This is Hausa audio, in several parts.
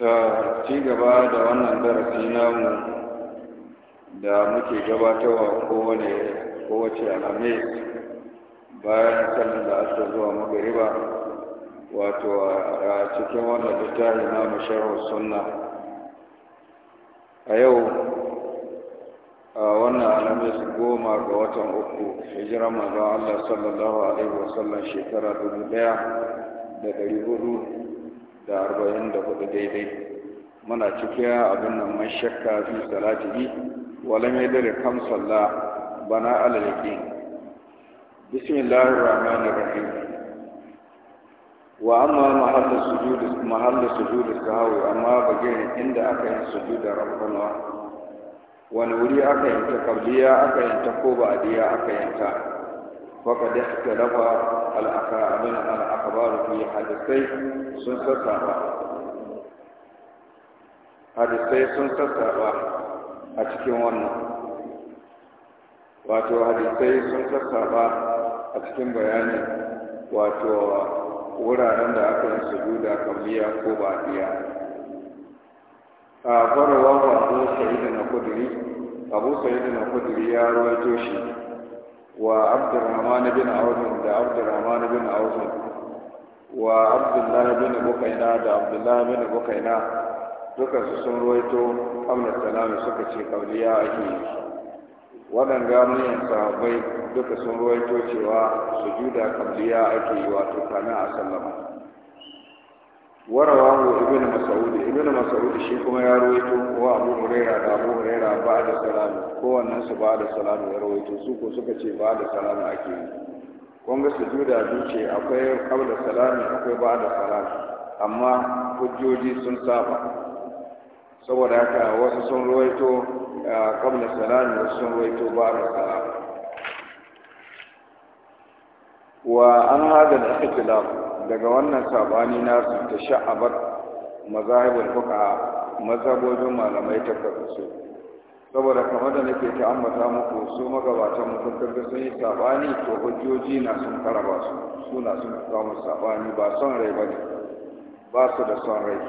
ta ci gaba da wannan darasi namu da muke gabatarwa kowane kowace alhamis bayan sallar da aka zuwa magariba wato a cikin wannan littafi na musharar sunna a yau a wannan alhamis goma ga watan uku hijira manzon Allah sallallahu alaihi wasallam shekara dubu ɗaya da dari hudu da arba'in da hudu daidai muna cikin abin nan man shakka fi salatihi walam dare kam salla bana alal yaqin bismillahir rahmanir rahim wa amma mahallu sujud mahallu sujud sahwi amma bagin inda aka yi sujuda rabbana wani wuri aka yi ta kabliya aka yi ta ko a aka yi ta فقد اختلف الأكابر الأخبار في حدثي سنسسابا حدثي سنسسابا أتكي وانا واتو حدثي سنسسابا أتكي بياني واتو wuraren da aka yi sujuda kabliya ko ba biya a farawa ba abu na kudiri abu ya rawaito shi وعبد الرحمن بن عوف ده عبد الرحمن بن عوف وعبد الله بن بكينا الله بن بكينا duka su sun ruwaito amna salami suka ce kauliya ake yi waɗanda manyan sahabbai duka sun ruwaito cewa sujuda kauliya ake yi wato kana a sallama ورواه ابن مسعود ابن مسعود shi kuma ya هو ابو هريره huraira da هريره بعد ba da الناس بعد su ba da ko suka ce ba da salamu ake kun ga sujuda duce akwai qabla salami akwai ba da salami amma hujjoji sun saba saboda haka wasu sun rawaito qabla salami wasu sun ba da salami wa an hada al daga wannan sabani nasu ta sha'abar mazahibul fuka mazhabojin malamai ta karsu saboda kamar da nake ta ambata muku su magabatan mutum kaga sun yi sabani to hujjoji na sun karaba su su na sun kawo sabani ba son rai ba ne, ba su da son rai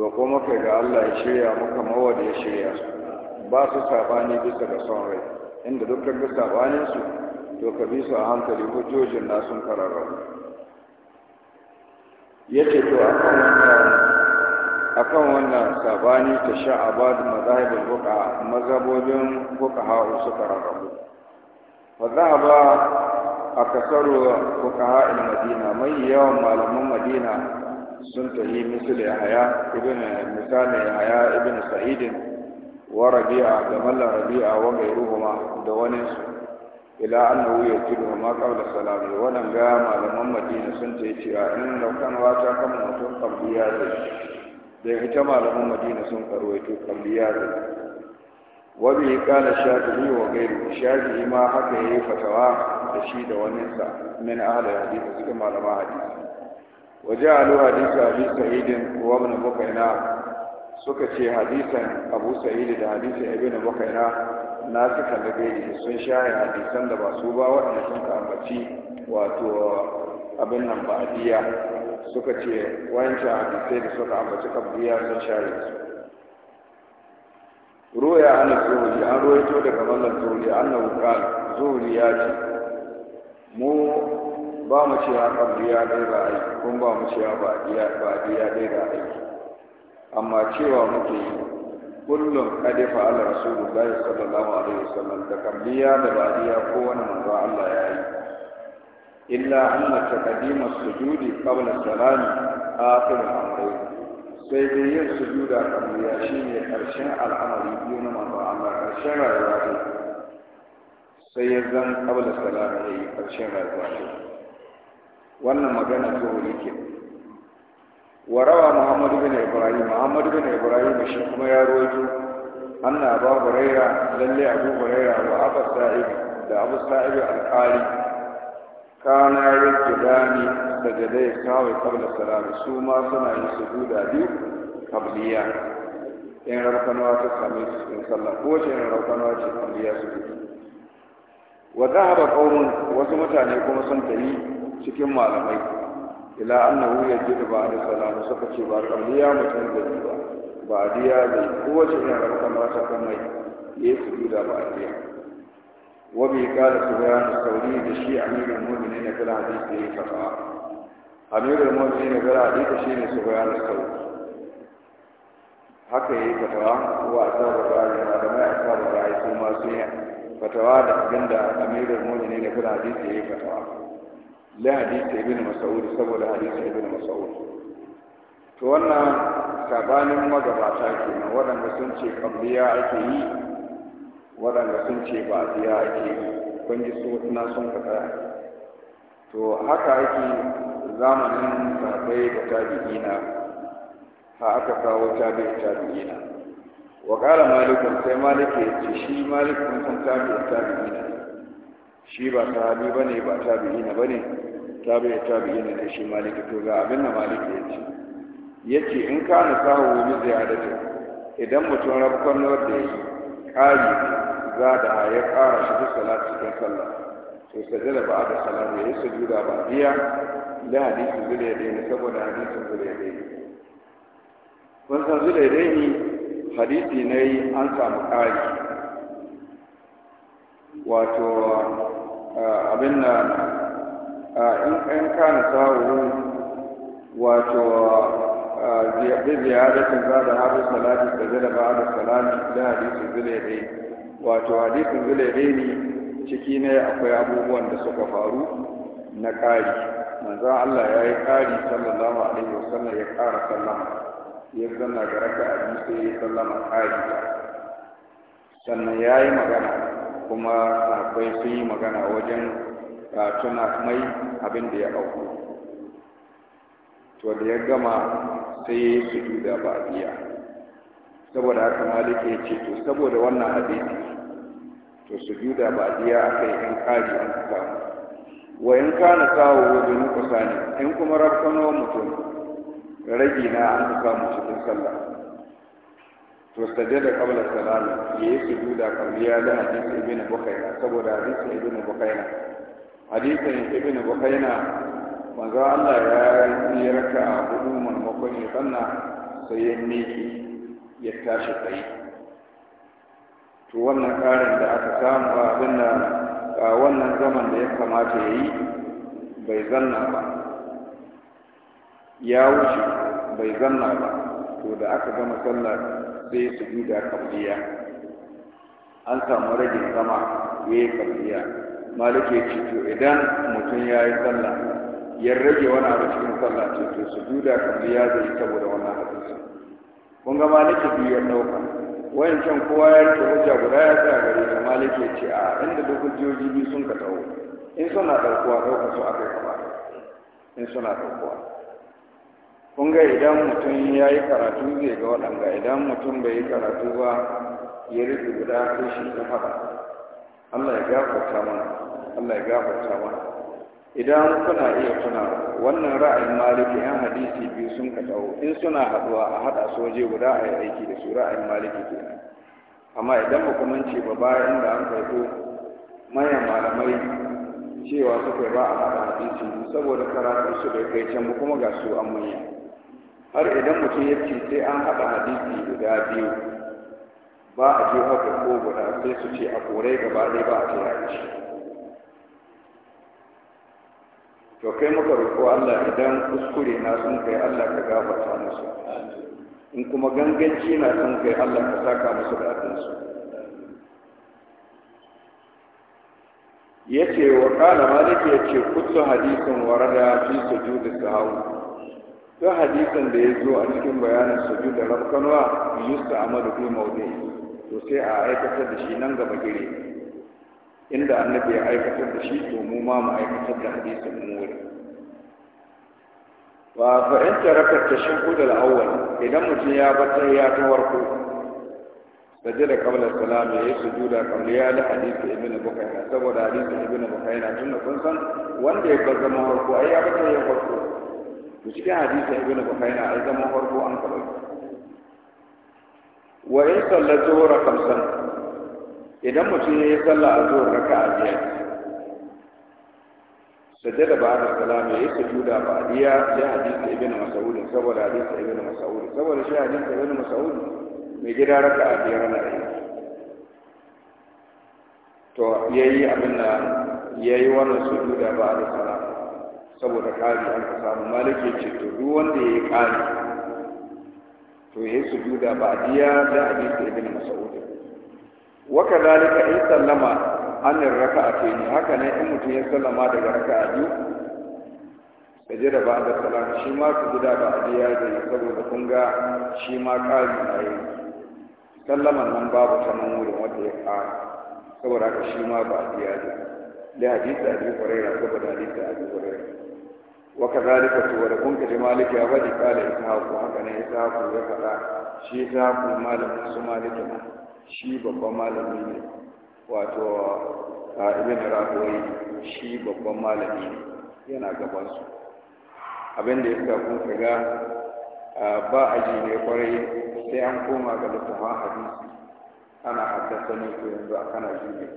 roƙo maka ga Allah ya shirya maka mawa da ya shirya su ba su sabani bisa da son rai inda duk kaga sabanin su to ka bi su a hankali hujjojin na sun kararrabu ya ce to a wannan sabani ta sha'aba mazahibin buka mazabobin buka ha'u suka rarrabu fa a ba a kasaro buka ha'in madina mai yawan malaman madina sun tafi misali haya ibn misali haya ibn sa'idin wa rabi'a da mallan rabi'a wa da wani ila annahu yajibu ma qabla salami wannan ga malaman madina sun ce cewa in laukan wata kan mutum qabliya zai da ita malaman madina sun karwaito qabliya zai wa bi kana shafi'i wa gairu shafi'i ma haka yayi fatawa da shi da wannan sa min ahli hadisi suka malama hadisi wa ja'alu hadisa abi sa'id wa ibn bukaina suka ce hadisan abu sa'id da hadisan ibn bukaina na suka da gairi sun share hadisan da ba su ba waɗanda sun ka ambaci wato abin nan ba adiya suka ce wancan hadisai da suka ambaci kabdiya sun share su roya ana zuri an ruwaito daga mallan zuri an na wuka zuri ya ce mu ba mu ce ya kabdiya dai ba yi kun ba mu ce ba a biya dai ba yi amma cewa muke yi kullum kade fa'ala rasulullahi sallallahu alaihi wasallam da kambiya da bariya, ko wani manzo Allah ya yi illa anna taqdima sujudi qabla salami akhir amri sai dai yin sujuda kambiya shine karshen al'amari biyu na manzo Allah karshen rayuwa ce sai ya zan qabla salami karshen rayuwa ce wannan magana zuhuri ke warawa muhammad bin ibrahim muhammad bin ibrahim shi kuma ya rojo anna abu huraira lalle abu huraira wa abu sa'ib da abu sa'ib al-qari kana yajidani sajadai kawai qabla salam su ma suna yin sujuda biyu qabliya in rabkanawa ta same su cikin sallah ko ce in rabkanawa ce qabliya su biyu wa dhahaba qaumun wasu mutane kuma sun tafi cikin malamai ila annahu yajidu ba'da salatu suka ce ba kalliya mutum da ba ba diya da kowace irin rakka ma ta kan ya yi su duda ba diya wa bi qala subhan sauri da shi amirul mu'minin na kala hadisi ya faɗa amirul mu'minin ne kala hadisi shine subhan sauri haka yayi fatawa wa asaba ra'i malamai asaba ra'i su ma sun fatawa da abinda amirul mu'minin na kala hadisi ya fatawa la hadisi ibn mas'ud saboda hadisi ibn mas'ud to wannan sabanin magabata nan, waɗanda sun ce kabliya ake yi waɗanda sun ce biya ake yi kun ji su na sun faɗa to haka ake zamanin sahabbai da tabi'ina ha aka kawo tabi'i tabi'ina wa kala malikun sai malike ce shi malikun sun tabi'i tabi'ina shi ba sahabi ba ne ba tabi'ina ba ne tabi'a tabi'ina ne shi maliki to ga abin da maliki ya ce ya ce in ka na sahu wani ziyadatin idan mutum rabkon wanda ya yi ƙari za da ya ƙara shi duk salatu cikin sallah to sajada ba da salatu ya yi sujuda ba biya la hadisi zule ya daina saboda hadisin zule ya daina kun san zule ya daina hadisi yi an samu ƙari wato abin na in in kana sawu wato bi ziyadatin za da hadu salati sajada ba da salati da hadisi dai wato zile dai ne ciki ne akwai abubuwan da suka faru na ƙari manzan Allah ya yi ƙari sallallahu alaihi wasallam ya ƙara sallama ya zanna ga raka a sai ya sallama ƙari sannan ya yi magana kuma akwai sun yi magana wajen tuna mai abin da ya auku to da ya gama sai su duda ba a biya saboda haka malik ya ce to saboda wannan hadisi to su duda ba a biya aka yi in kaji an samu wa in kana sawo wajen nukusa ne in kuma rafkano mutum ragi na an samu cikin sallah to sajada qabla salama ya yi sujuda qabliya da hadisi ibn bukhaina saboda hadisi ibn bukhaina hadisin ibn bukhaina manzo Allah ya yi a hudu maimakon ya sanna sai ya miƙe ya tashi tsaye to wannan karin da aka samu ba abin da a wannan zaman da ya kamata ya yi bai zanna ba ya wuce bai zanna ba to da aka gama sallah. sai sujuda kabliya an samu ragin sama ya yi kabliya malik ya ce to idan mutum ya yi sallah ya rage wani abu cikin sallah ce to sujuda kabliya zai yi saboda wannan hadisi kun ga malik biyu ya dauka wayancan kowa ya rike hujja guda ya tsaya gare ta malik ya ce a inda duk hujjoji biyu sun ka taho in suna ɗaukuwa ɗauka su aka yi kamar in suna ɗaukuwa kun ga idan mutum ya yi karatu zai ga waɗanda idan mutum bai yi karatu ba ya rufe guda ko shi ta haɗa Allah ya gafarta mana Allah ya gafarta mana idan kuna iya tuna wannan ra'ayin maliki yan hadisi biyu sun ka tsawo in suna haɗuwa a haɗa soje guda a yi aiki da su ra'ayin maliki ke. amma idan ba kuma ce ba bayan da an karɓo manyan malamai cewa suka ba a haɗa hadisi saboda karatun su bai kai can ba kuma ga su an manya har idan mutum ya ce sai an haɗa hadisi guda biyu ba a ce haka ko guda sai su ce a korai gaba ɗaya ba a ce ya ci to kai muka roƙo Allah idan kuskure na sun kai Allah ka gafarta musu in kuma ganganci na sun kai Allah ka saka musu da abinsu yace wa qala malik yace kullu hadithun warada fi sujudi sahwi don hadisan da ya zo a cikin bayanin sujud da rafkanwa yusta amadu fi mawdi to sai a aikata da shi nan gaba gire inda annabi ya aikata da shi to mu ma mu aikata da hadisin mu wuri wa fa in taraka tashahhud al-awwal idan mutum ya bata ya ta warko da kabla salam ya sujuda qabla ya da hadisi ibn bukhari saboda hadisi ibn bukhari na tunda kun san wanda ya bar zama ai ya bata ya warko to cikin hadisi ibnu bukhari ai zaman farko an karɓi wa in sallatu wa khamsan idan mutum ya yi sallah a zuwa raka'a biyar sajada ba da salama ya yi sujuda ba diya ya hadisi ibnu mas'ud saboda hadisi ibnu mas'ud saboda shi hadisi ibnu mas'ud mai gida raka'a biyar na ai to yayi abin da yayi wannan sujuda ba da salama saboda ƙari an ka samu malik ya ce to duk wanda ya yi ƙari to ya yi sujuda ba diya da hadisi ibn mas'ud Waka dalika in sallama an raka'atayn haka ne in mutum ya sallama daga a biyu sajada ba da salam shi ma sujuda ba diya da saboda kun ga shi ma ƙari a yi sallaman nan babu ta nan wurin wanda ya ƙara saboda haka shi ma ba diya da da hadisi abi hurairah حديث hadisi abi hurairah وكذلك تولكم كجمالك يا ولي قال إسحاق وهكذا إسحاق وكذا شي إسحاق مالك سمالكنا shi babban malami ne wato ibn rahoyi shi babban malami yana gabansu abin da ya sa kun ba a ji ne kwarai sai an koma ga littafin hadisi ana haddasa ne to yanzu kana ji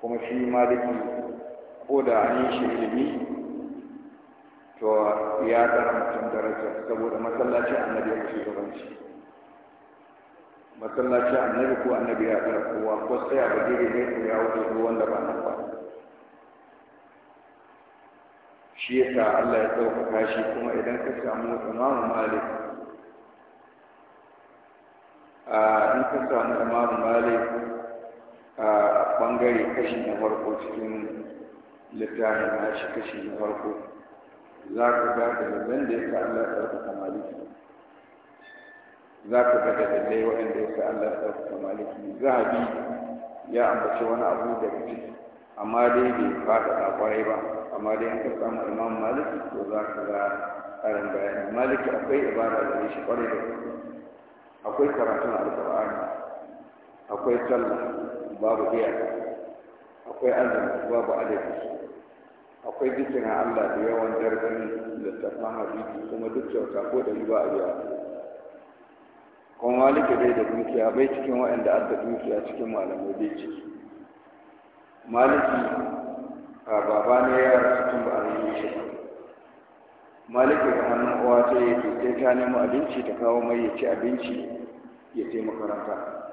kuma shi maliki ko da an yi shi ilimi to ya tsara mutum daraja saboda masallaci annabi ya shugabanci masallaci annabi ko annabi ya tsara kowa ko tsaya ba dai ne ko ya wuce ko wanda ba nan ba shi yasa Allah ya ɗaukaka shi kuma idan ka samu Imam malik a in ka samu Imam malik a bangare kashi na farko cikin littafin na shi kashi na farko za ka ga dalilan da ya sa Allah ya ɗaukaka maliki za ka ga dalilai waɗanda ya sa Allah ya ɗaukaka maliki zahabi ya ambaci wani abu da ciki amma dai bai faɗaɗa ƙwarai ba amma dai an ka samu imam maliki to za ka ga ƙarin bayani maliki akwai ibada da shi ƙwarai da akwai karatun alƙur'ani akwai sallah babu iyaka akwai azumi babu adadi akwai zikirin Allah da yawan da littafin hadisi kuma duk kyauta ko da ba a biya kuma malika bai da dukiya bai cikin waɗanda an da dukiya cikin malamai bai ciki maliki a baba ne ya cikin ba a yi shi maliki ga hannun uwa ta yake sai ta nemo abinci ta kawo mai ya ci abinci ya ce makaranta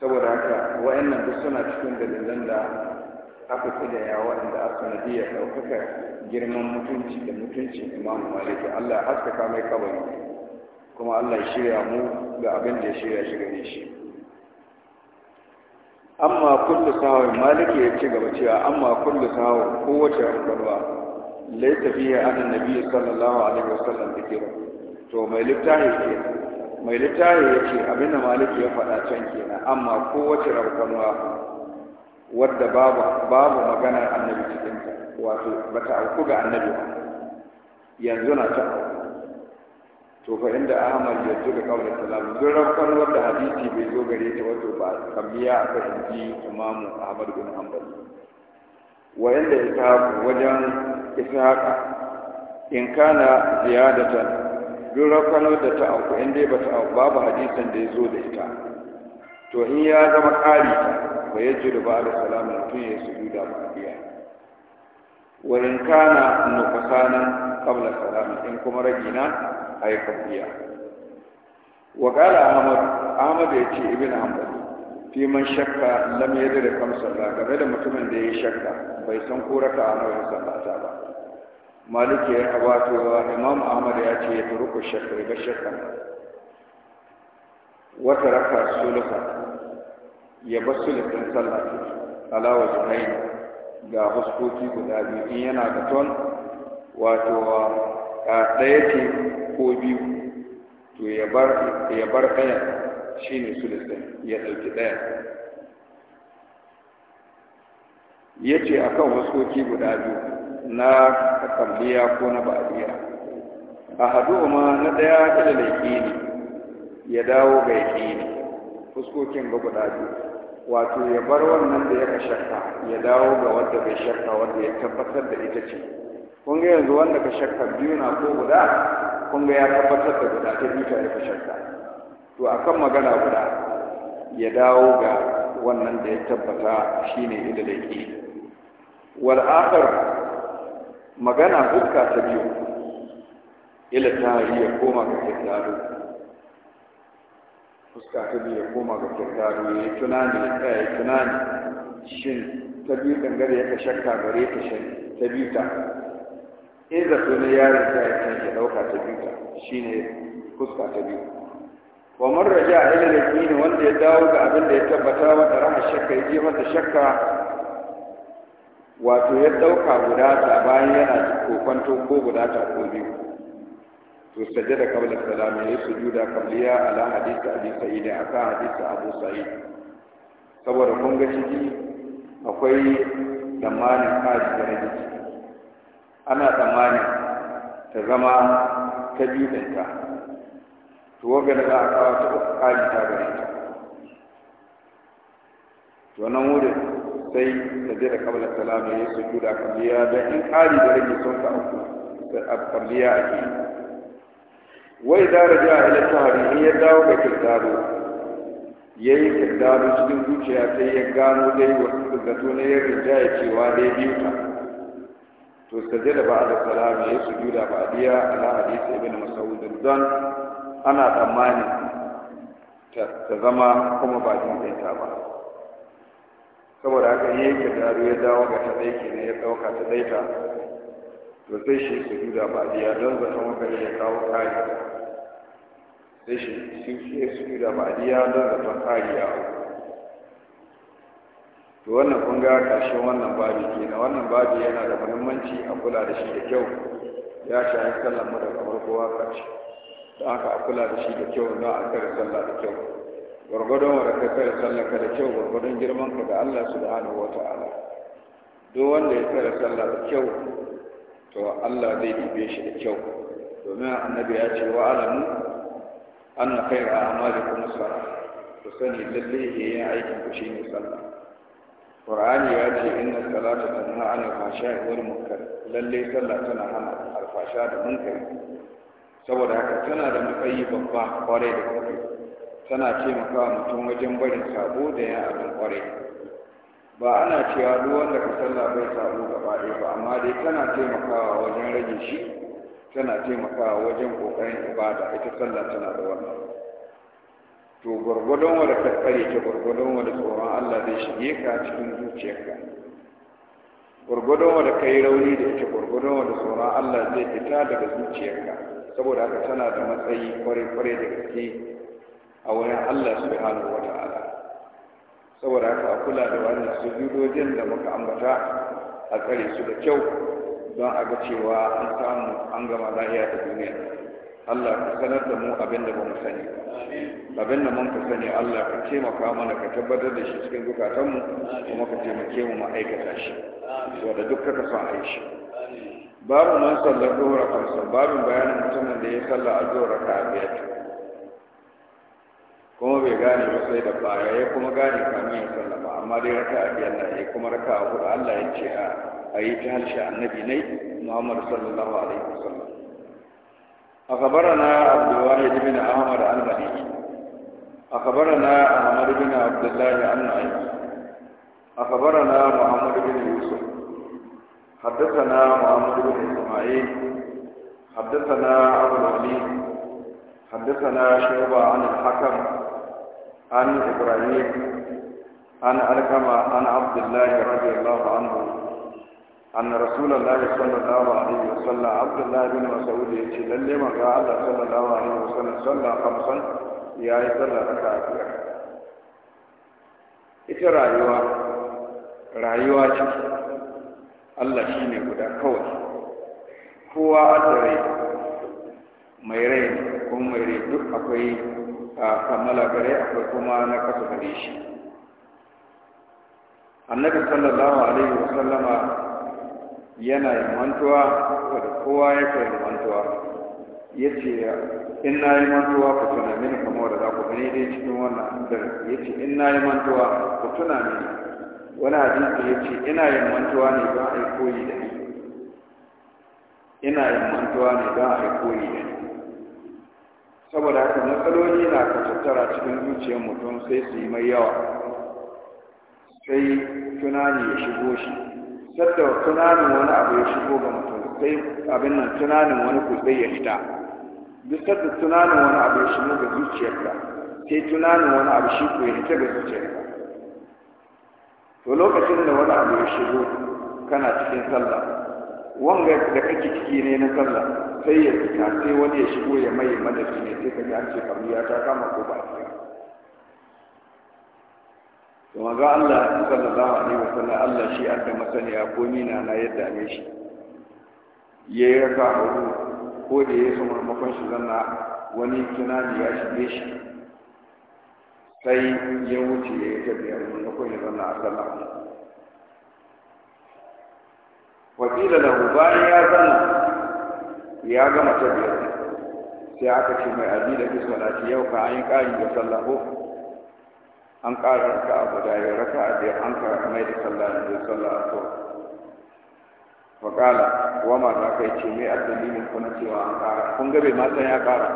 saboda haka waɗannan duk suna cikin dalilan da aka kudaya waɗanda aka nadiya ɗaukaka girman mutunci da mutuncin imam maliki allah haskaka mai kabari kuma allah shirya mu ga abin da ya shirya shi gare shi amma kullu sahawin maliki ya ci gaba cewa amma kullu sahawin kowace rukunwa laita fiye an nabi sallallahu alaihi wasallam kira to mai littahi ke mai littafi ya ce abin da maliki ya faɗa can kenan amma kowace rukunwa wadda babu babu maganar annabi cikinta wato ba ta auku ga annabi ba yanzu na ta to fa inda ahmad ya tuka kawai salamu duk kan wanda hadisi bai zo gare ta wato ba kammiya aka fahimci imamu ahmad bin hanbal wa inda ishaq wajen ishaqa in kana ziyadatan duk kan wanda ta auku inda ba ta auku babu hadisin da ya zo da ita to in ya zama ƙari ba ya ji ba da salamu mutum ya su duda ba a biya wa in kana kabla salamu in kuma ragina a yi kafiya wa kala ahmad ya ce ibn hanbal fi man shakka lam yadda da kamsar da game da mutumin da ya yi shakka bai san ko raka a nauyin sallata ba maliki ya habato imam ahmad ya ce ya turuku shakka ya ga shakka wata raka sulufa ya bar sulufin sallah alawa jihai ga huskoki guda biyu in yana da ton wato a ɗaya ce ko biyu to ya bar ɗaya shi ne sulufin ya ɗauki ɗaya ya ce a kan huskoki guda biyu na kambiya ko na ba'adiyya a ma na ɗaya ta ilalaki ne ya dawo ga yaƙini fuskokin ga guda biyu wato ya bar wannan da ya shakka ya dawo ga wanda bai shakka wanda ya tabbatar da ita ce kun ga yanzu wanda ka shakka biyu na ko guda kun ga ya tabbatar da guda ta biyu ta ka shakka to akan magana guda ya dawo ga wannan da ya tabbata shine ida da yaƙini wal akhar magana fuska ta biyu ila ta ya koma ga kitabu fuska ta biyu ya koma ga kyautaru ya yi tunani ya tsaya tunani shin ta biyu dangare ya ka shakka gare ta shan ta biyu ta in su ne yaron ta ya ɗauka ta biyu ta shine fuska ta biyu wa ja a ila yaqin wanda ya dawo ga abin da ya tabbata wata raha shakka ya ji masa shakka wato ya dauka guda ta bayan yana kokonto ko guda ta ko biyu to sajada qabla salam yayi sujuda qabliya ala hadisi abi sa'id aka hadisi abu sa'id saboda kun ga akwai tsammanin kaji da rage ana tsammanin ta zama ta bidanta to waga da za a kawo ta uku ta gare ta wurin sai sajada qabla salam yayi da in kaji da rage sun ka uku qabliya wai da raja ila tahari in ya dawo ga kirdado yi kirdado cikin zuciya sai ya gano dai wasu zato na yin rija ya cewa dai biyu ta to da ba da salama ya su juda ba a biya ala hadisi ibn mas'ud dan ana tsammani ta zama kuma ba jin ta ba saboda haka yi kirdado ya dawo ga ta ne ya dauka ta dai to sai shi su duda ba diya don zaton wakari ya kawo kariya sai shi su duda ba diya don zaton kariya to wannan kun ga ƙarshen wannan babi na wannan babi yana da muhimmanci a kula da shi da kyau ya shafi sallan mu daga farkowa ƙarshe don haka a kula da shi da kyau don a kare sallah da kyau gwargwadon wa ka kare sallah ka da kyau gwargwadon girman ka ga Allah subhanahu wa ta'ala duk wanda ya kare sallah da kyau to Allah zai dube shi da kyau domin annabi ya ce wa alamu kai khayra a'malikum kuma salah ku sani lalle aikin ku ne sallah Qur'ani ya ce inna salata tanha fasha fahsha'i wal munkar lalle sallah tana hana alfasha da munkari saboda haka tana da matsayi babba kwarai da gaske tana taimakawa mutum wajen barin sabo da ya abin kwarai ba ana cewa duk wanda ka sallah bai samu gaba ɗaya ba amma dai tana taimakawa wajen rage shi tana taimakawa wajen ƙoƙarin ibada ita sallah tana da wannan to gwargwadon wanda ka tsare ta gwargwadon wanda tsoron Allah zai shige ka cikin zuciyarka gwargwadon wanda ka yi rauni da ita gwargwadon wanda tsoron Allah zai fita daga zuciyarka saboda haka tana da matsayi kwarai-kwarai da gaske a wurin Allah subhanahu wa ta'ala saboda haka a kula da wannan sujudojin da muka ambata a tsare su da kyau don a ga cewa an samu an gama lahiya ta duniya Allah ka sanar da mu abin da bamu sani abin da mun sani Allah ka taimaka mana ka tabbatar da shi cikin zukatanmu kuma ka taimake mu ma'aikata shi wanda duk ka son a yi shi babu man sallar duhura babin bayanin mutumin da ya sallar a raka ka biyar kuma bai gane ba sai da baya ya kuma gane kamun ya sallama amma dai raka a biyar ya kuma raka a hudu Allah ya ce a a yi ta harshe annabi nai, Muhammadu sallallahu alaihi wa sallam. A kabara na Abdullahi bin Ahmad al-Mali. A kabara na Ahmad bin Abdullahi al-Mali. A kabara na Muhammad bin Yusuf. حدثنا محمد بن Haddasa na عبد الحميد حدثنا شعبه عن الحكم عن إبراهيم عن ألكما عن عبد الله رضي الله عنه أن رسول الله صلى الله عليه وسلم عبد الله بن مسعود يقول لما قال الله صلى الله عليه وسلم صلى خمسا يا صلى ركعتين ita rayuwa rayuwa ce Allah shi ne guda kawai kowa a rai mai rai kuma mai rai duk akwai kammala gare akwai kuma na kasa gare shi annabi sallallahu alaihi wa sallama yana mantuwa da kowa yake mantuwa. ya ce in na yi mantuwa ku tuna mini kamar da za ku gani dai cikin wannan dare ya ce in na yi mantuwa ku tuna mini wani hadisi ya ce ina yin mantuwa ne don a yi koyi da ni ina yin mantuwa ne don a yi koyi da ni saboda haka matsaloli na ka tattara cikin zuciyar mutum sai su yi mai yawa sai tunani ya shigo shi sadda tunanin wani abu ya shigo ga mutum sai abin nan tunanin wani kuzai ya fita duk sadda tunanin wani abu ya shigo ga zuciyarka sai tunanin wani abu shi ko ya fita ga zuciyarka to lokacin da wani abu ya shigo kana cikin sallah wanga da kake ciki ne na sallah sai ya fita sai wani ya shigo ya mai madafi ne sai kaji an ce ya ta kama ko ba ta to maza Allah sallallahu alaihi sallam Allah shi an da masaniya ko ni na yadda ne shi yayi raka ko da ya sumar makon shi zanna wani ne ya shige shi sai ya wuce ya yi tafiya mun ko zanna a sallam wakila da bayan ya zana ya gama ta biyar sai aka ce mai aji da fi salati yau ka an yi ƙari da sallah ko an ƙara raka a guda ya raka a biyar an ka mai da sallah da zai sallah a to Fakala, wa ma za ka yi ce mai addalilin kuna cewa an ƙara kun gabe mata ma san ya ƙara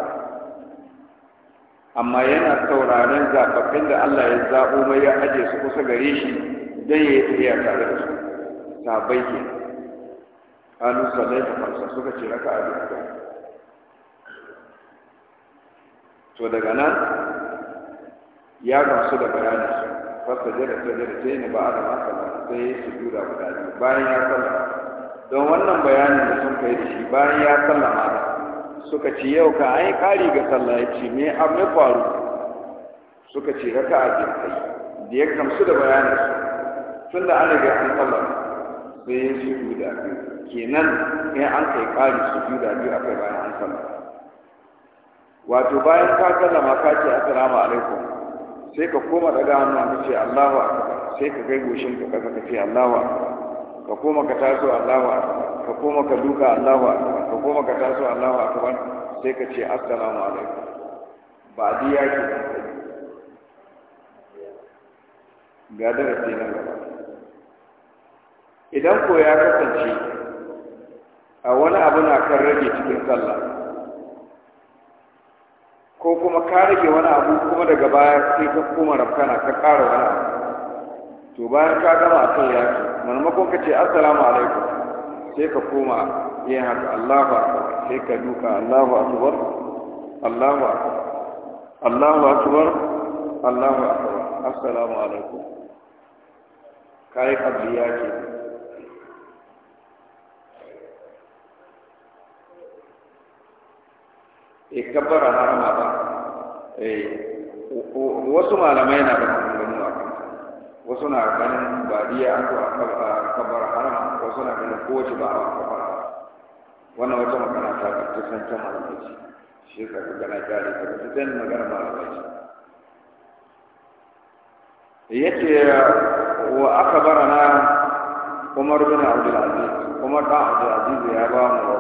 amma yana sauraren zaɓaɓɓen da Allah ya zaɓo mai ya aje su kusa gare shi don ya yi tafiya tare da su sabai kenan kalu sallai da farsa suka ce raka a duka to daga nan ya gamsu da bayani farsa jira ta jira ta yi ba a da masala sai ya yi sujuda guda biyu bayan ya sallama don wannan bayanin da sun kai da shi bayan ya sallama suka ce yau ka an yi kari ga sallah ya ce me an mai faru suka ce raka a biyu kai da ya gamsu da bayanin su tun da an riga an sallama sai ya yi sujuda biyu kenan in an kai ƙari su biyu da biyu kai bayan an sallama wato bayan ka sallama ka ce assalamu alaikum sai ka koma daga hannu ka ce Allahu akbar sai ka kai goshin ka kasa ka ce Allahu akbar ka koma ka taso Allahu akbar ka koma ka duka Allahu akbar ka koma ka taso Allahu akbar sai ka ce assalamu alaikum ba a diya ke ga darasi nan gaba idan ko ya kasance a wani abu na kan rage cikin sallah ko kuma ka rage wani abu kuma daga baya sai ka koma na ka ƙara wani abu to bayan ka gama a kan yaki maimakon ka ce assalamu alaikum sai ka koma yin haka allahu akbar sai ka duka allahu akbar allahu akbar allahu akbar allahu akbar assalamu alaikum kai kabliya ke bai kabbara harama ba eh, wasu malamai na da maganganu a kan wasu na ganin ba diya an ko a kabbara harama wasu na ganin kowace ba a kabbara wannan wata magana ta ta san ta malamai shi ka ga gana jari ka ta san magana malamai yace wa akbarana Umar bin Abdul Aziz Umar bin Abdul Aziz ya ba mu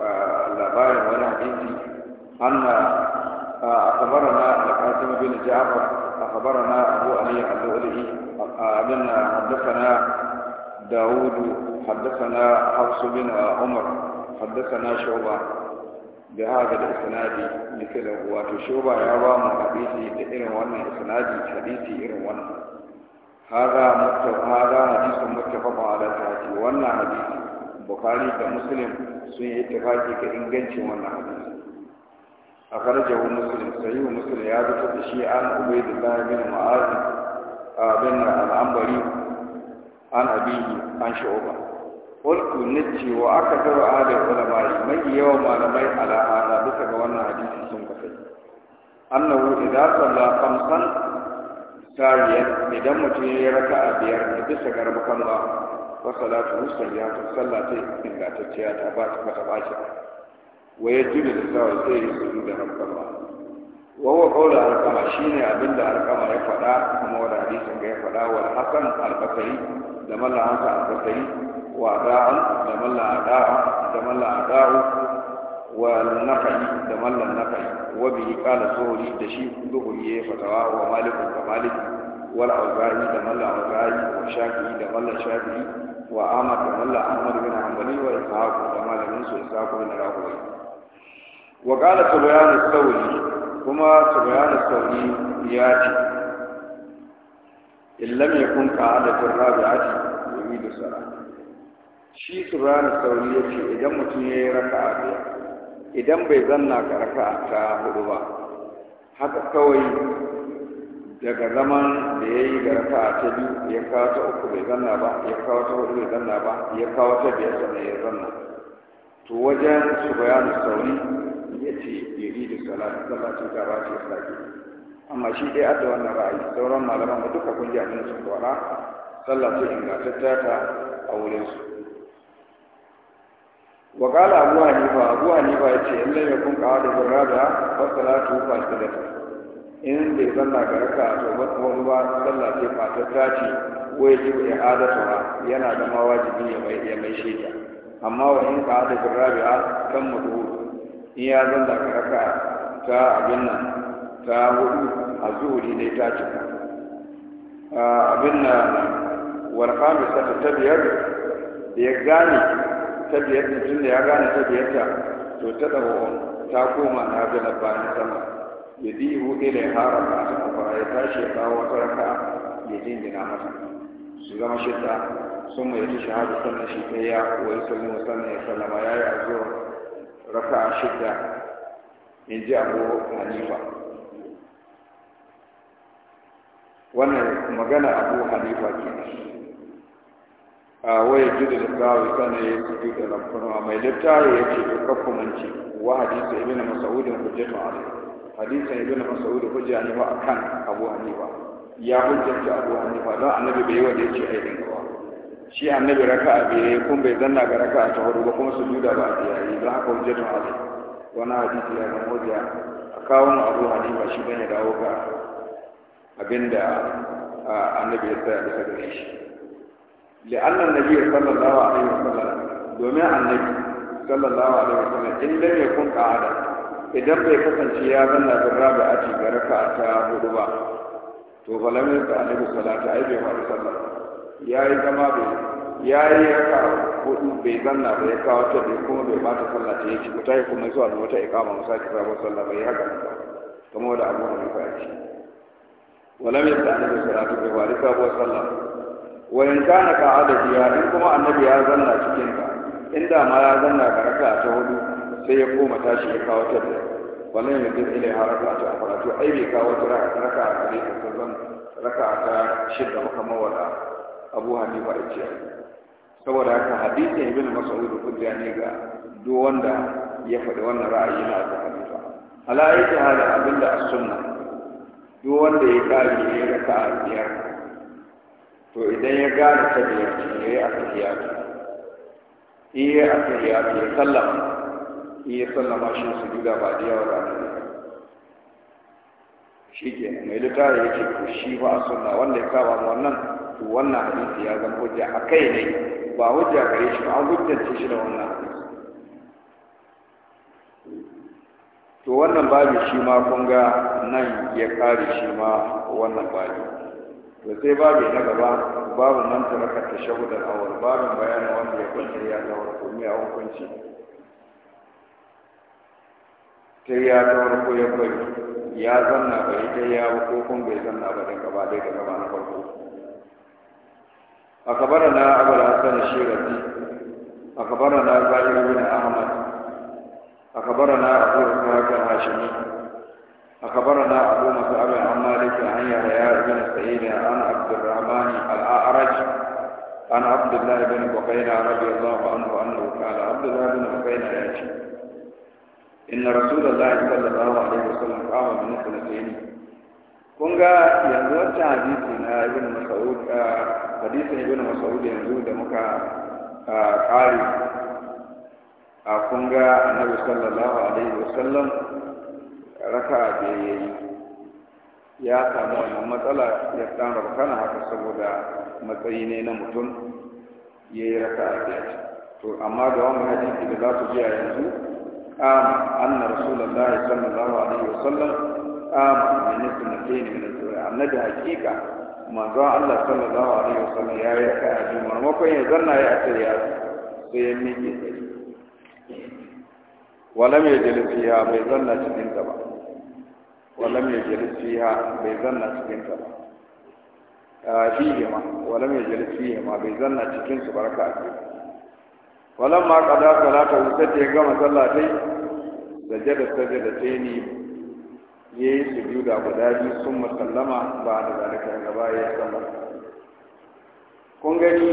eh, labarin wani hadisi أن أخبرنا القاسم بن جعفر أخبرنا أبو علي اللؤلؤي أن حدثنا داود حدثنا حفص بن عمر حدثنا شعبة بهذا الإسناد مثل هو شعبة يروى حديثي إرن ون إسنادي حديثي إرن ون هذا متفق هذا حديث متفق على ذاته وأن حديث بخاري ومسلم سن اتفاقي كإنجنش وأن حديث a karjahu muslim sayi muslim ya zuta da shi an ubai da zai bin ma'azi a bin al'ambari an abihi an sha'uba aka zaba a da wani mai mai malamai al'ada duka ga wannan hadisi sun ka sai an na wuce su la idan mutum ya raka a biyar da bisa garba kan ba wasu la ya ta sallata ta ba ta ba wa ya jubi da kawai sai ya su da harkama wawa kaula harkama shi ne abin da harkama faɗa kuma wani hadisin ga ya faɗa wa hasan albasari da mallan hansa albasari wa da'an da mallan ada'a da mallan ada'u wa da mallan nafa'i wa bihi qala zuhri da shi zuhri ya fatawa wa malikun da maliki wal auza'i da mallan wa shafi'i da mallan shafi'i wa da bin da su وقال سبيان الثوري sauri kuma الثوري sauri إن لم يكن yakun الرابعة يميد سرعة salata shi الثوري sauri ya ce idan mutum ya yi raka'a idan bai zanna ta huɗu ba haka kawai daga zaman da ya yi ga raka'a ta biyu ya kawo ta uku bai zanna ba ya kawo ta hudu bai zanna ba ya kawo ta biyar sannan ya zanna to wajen su bayanu sauri ya ce yuri da salatin gaba ce sake amma shi dai adda wannan ra'ayi sauran malaman da duka kun ji abin sun kwara sallah ce ingantatta ta a wurin su wa qala abu hanifa abu hanifa ya ce in lam yakun qawadu burada fa salatu fasidatu in bai sallah ga raka to ba wani ba sallah ce fatatta ce wai ji i'adatuha yana zama wajibi ya mai ya mai shaida amma wa in qawadu burada kan mutu in ya da ka raka ta abin nan ta hudu a zuhuri ne ta cika abin nan warƙami sata ta biyar da ya gane ta biyar da tun da ya gane ta biyar ta to ta ɗaukon ta koma na gana bayan sama ya hu ilai haram a ta ya tashi ya kawo wata raka ya jingina masa su zama shidda sun mai yi shahadu sannan shi ta ya koyi sallama sannan ya sallama ya yi a zuwa. raka shida in ji abu halifa wannan magana abu halifa ke a waya gida da tsawo sana ya yi kudu da lamfano mai littafi ya ce ka kumanci wa hadisa ibn masaudin hujjatu alaihi hadisan ibn mas'ud hujja ne ba akan abu halifa ya hujjanta abu halifa don annabi bai yi wanda yake aikin gaba shi annabi raka a biyar kun bai zanna ga raka ta hudu ba kuma su juda ba a biyar don haka hujjatun hali wani hadisi ya zama hujja a kawo mu abu ba shi ne ya dawo ga abinda annabi ya tsaya bisa gare shi li'anna lawa a alaihi wasallam domin annabi a alaihi wasallam in lam kun ka'ada idan bai kasance ya zanna ga raka ta hudu ba to balamin da annabi a yi sallallahu alaihi wasallam ya yi zama bai ya yi hudu bai zanna ba ya kawo ta bai kuma bai bata sallah ta yake Ta tayi kuma zuwa da wata iqama musa ki sabon sallah bai haka nan ba kuma da abu ne fa yake walam yasta'ni annabi salati bi wa rikabu sallah wa in kana ka adadi ya in kuma annabi ya zanna cikin ka inda ma ya zanna ka raka ta hudu sai ya koma tashi ya kawo ta bai walam yasta'ni ilai haraka ta to ai bai kawo ta raka raka ta raka ta shidda makamawa wala abu hanifa ya ce saboda haka hadisin ibn mas'ud hujja ne ga duk wanda ya faɗi wannan ra'ayi na abu hanifa ala yake hada abinda a sunna duk wanda ya kare ne raka'a biyar to idan ya gane ta biyar ya yi a in ya yi a ya sallama in ya sallama shi su gida ba da yawa ranar shi ke mai littafi ya ce shi ba a sunna wanda ya saba wannan to wannan hadisi ya zama hujja a kai ne ba hujja gare shi ba an hujjance shi da wannan to wannan babu shi ma kun ga nan ya kare shi ma wannan babu to sai babu na gaba babu nan ta raka ta shahudar awal babu bayanin wanda ya kwanci ya zama ko me a hukunci ta ya zaura ko ya bari ya zanna bai ta ya ko kun bai zanna ba daga ba dai gaba na farko أخبرنا أبو الحسن الشيرازي أخبرنا زاهر بن أحمد أخبرنا أبو إسحاق الهاشمي أخبرنا أبو مصعب عن مالك عن يحيى بن سعيد عن عبد الرحمن الأعرج عن عبد الله بن بقينا رضي الله عنه أنه قال عبد الله بن بقينا يأتي إن رسول الله صلى الله عليه وسلم قام بنفل سعيد kun ga yanzu wancan hadisi na ibn mas'ud hadisin ibn mas'ud yanzu da muka kare a kun ga annabi sallallahu alaihi wasallam raka da ya samu wannan matsala ya dan rabkana haka saboda matsayi ne na mutum yi raka da to amma ga wannan hadisi da za su ji yanzu kama anna rasulullahi sallallahu alaihi wasallam kama min nisnatain min al-qur'an annabi hakika manzo Allah sallallahu alaihi wasallam ya yi ka a jin marmakon ya zanna ya ce ya sai ya miƙe mai walam ya jeli bai zanna cikin ta ba wala ya jeli fiha bai zanna cikin ta ba a fihi ma Wala mai jeli fihi ma bai zanna cikin su barka a cikin walam ma kada salata wuce ya gama sallah dai da sajada sai ni ya yi sujuda guda biyu sun musallama ba da zalika daga ba ya sama kun gani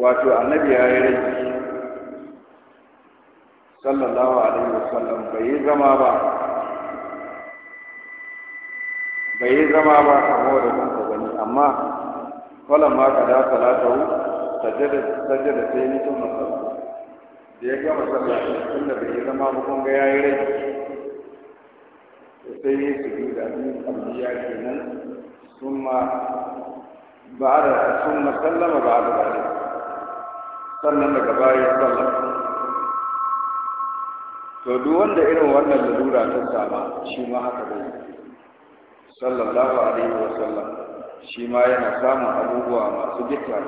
wato annabi ya yi rai sallallahu alaihi wasallam bai yi zama ba bai yi zama ba kamar da kun ka gani amma falan ma ka da ta sajada sajada sai ni tun musallama da ya gama sallah tun bai yi zama ba kun ga ya yi rai sai ya su da min kabliya kenan summa ba'da summa sallama da ba'da sannan daga baya sallama to duk wanda irin wannan lalura ta sama shi ma haka bai sallallahu alaihi wa sallam shi ma yana samun abubuwa masu gita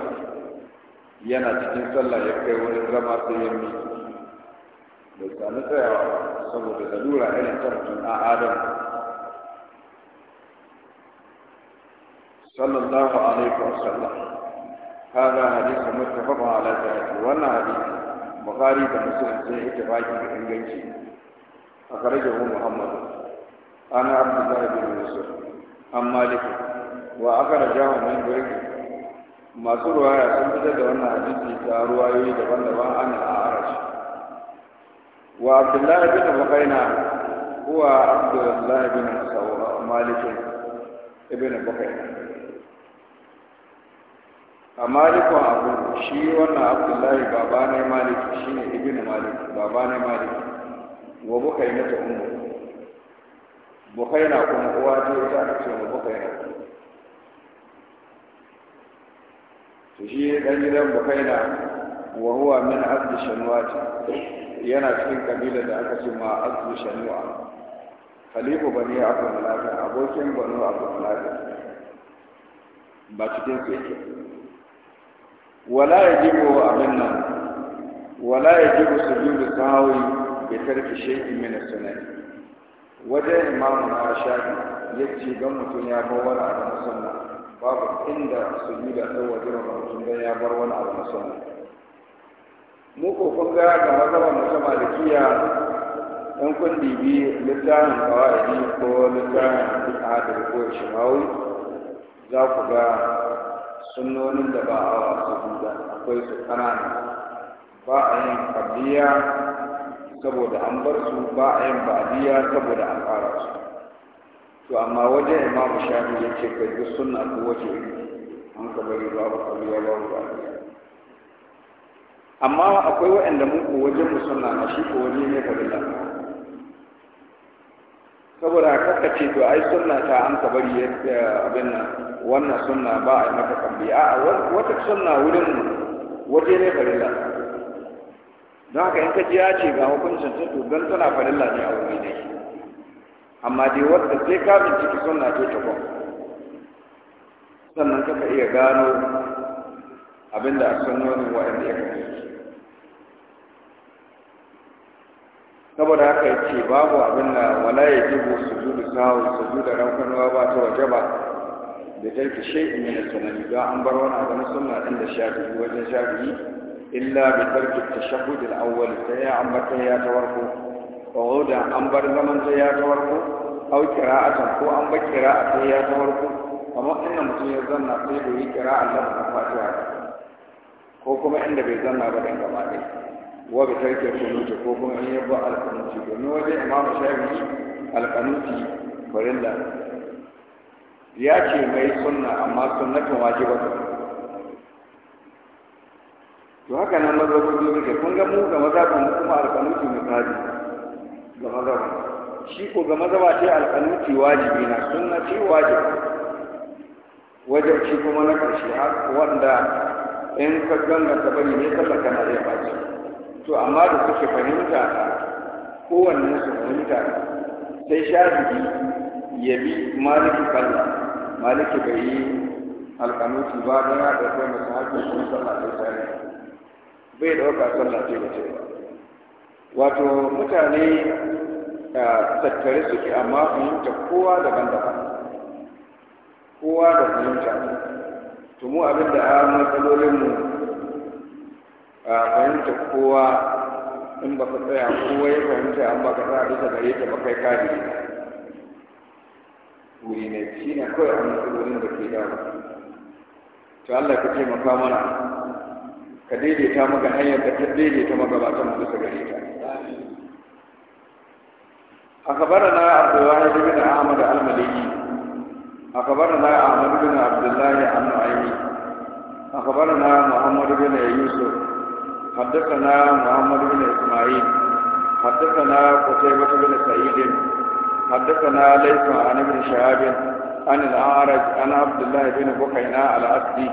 yana cikin sallah ya kai wani zama sai ya miƙe bai sami tsayawa saboda lura irin ta a adam sallallahu alaihi wa sallam هذا حديث متفق على ذلك وانا حديث بخاري ومسلم في اتفاق بانجنشي اخرجه محمد انا عبد الله بن يوسف عن مالك واخرجه من بريك masu ruwaya sun fitar da wannan hadisi ta ruwayoyi daban-daban ana a arashi وعبد الله بن بقينا هو عبد الله بن مالك ابن بقينا مالك أبو شي وانا عبد الله بابان مالك شي ابن مالك بابان مالك وبقينة أمه بقينا كم قواتي وتعرف بقينا to shi dan gidan bukaina wa huwa min yana cikin kabila da aka ce ma azu shanu'a khalifu bani abu malaka abokin banu abu malaka ba cikin su yake wala yajibu abin nan wala ya su biyu da bi tarki shay'in min as-sunnah wajen imamu na shafi ce don mutum ya bar wani abu na sunna babu inda da ta wajen mutum don ya bar wani abu na sunna mu ko kun ga ga mazaba mu ta malikiya dan kun dibi littafin qawaidi ko littafin hadar ko shawai za ku ga sunnonin da ba a wasu da akwai su kanana ba a yin kabiya saboda an bar su ba a yin ba'diya saboda an fara su to amma wajen imamu shafi ya ce kai duk sunna ko waje an kabari babu kabliya babu ba'diya amma akwai waɗanda mun ko wajen mu sunna shi ko waje ne farilla saboda kaka ce to ai sunna ta an ka bari ya abin nan wannan sunna ba a maka kambi a wata sunna wurin waje ne farilla don haka in ka ji ya ce ga hukuncin ta to don tana farilla ne a wuri ne amma dai wadda sai ka binciki sunna to ta kwan sannan kaka iya gano abinda a sunnonin wa'anda ya kamata saboda haka ya ce babu abin da wala ya jibu su judu sahu su judu ruwa ba ta waje ba da jarki shai in yana sunani don an bar wani abu suna sunna ɗin da shafi'i wajen shafi'i illa bi ta tashahhud al-awwal ta ya ambata ya ta warko wa da an bar zaman ta ya ta warko aw qira'atan ko an bar qira'atan ya ta warko amma inda mutum ya zanna sai da yi qira'a Allah ta fatiha ko kuma inda bai zanna ba dan gaba ɗaya wa bi tarki kunuti ko kuma in yabba alqanuti domin wajen imamu shafi'i alqanuti farilla ya ce mai sunna amma sunnatun wajibatu to haka nan mazhabobi suke kun ga mu ga mazhabin mu kuma alqanuti misali ga mazhabin shi ko ga mazaba ce alqanuti wajibi na sunna ce wajibi wajen shi kuma na ƙarshe wanda in ka ganga ta bari ne sallar kana iya ɓaci to amma da suke fahimta kowanne su fahimta sai shafi ya bi maliki kalla maliki bai yi alkanuti ba don ya ɗauka masu haƙƙin sun sallah sai sai bai ɗauka sallah ce da ce ba wato mutane tattare suke amma fahimta kowa daban-daban kowa da fahimta to mu abin da a matsalolinmu a fahimta kowa in ba ka tsaya kowa ya fahimta an ba ka sa bisa gare ta ba kai kari wuri ne shi ne kawai an matsalolin da ke dawo to Allah ka taimaka mana ka daidaita maka hanyar da ta daidaita ta mu bisa gare ta أخبرنا عبد الواحد بن أحمد المليكي أخبرنا أحمد بن عبد الله عن نعيم أخبرنا محمد بن يوسف حدثنا محمد بن إسماعيل حدثنا قتيبة بن سعيد حدثنا ليس عن ابن شهاب عن الأعرج عن عبد الله بن بقيناء الأسدي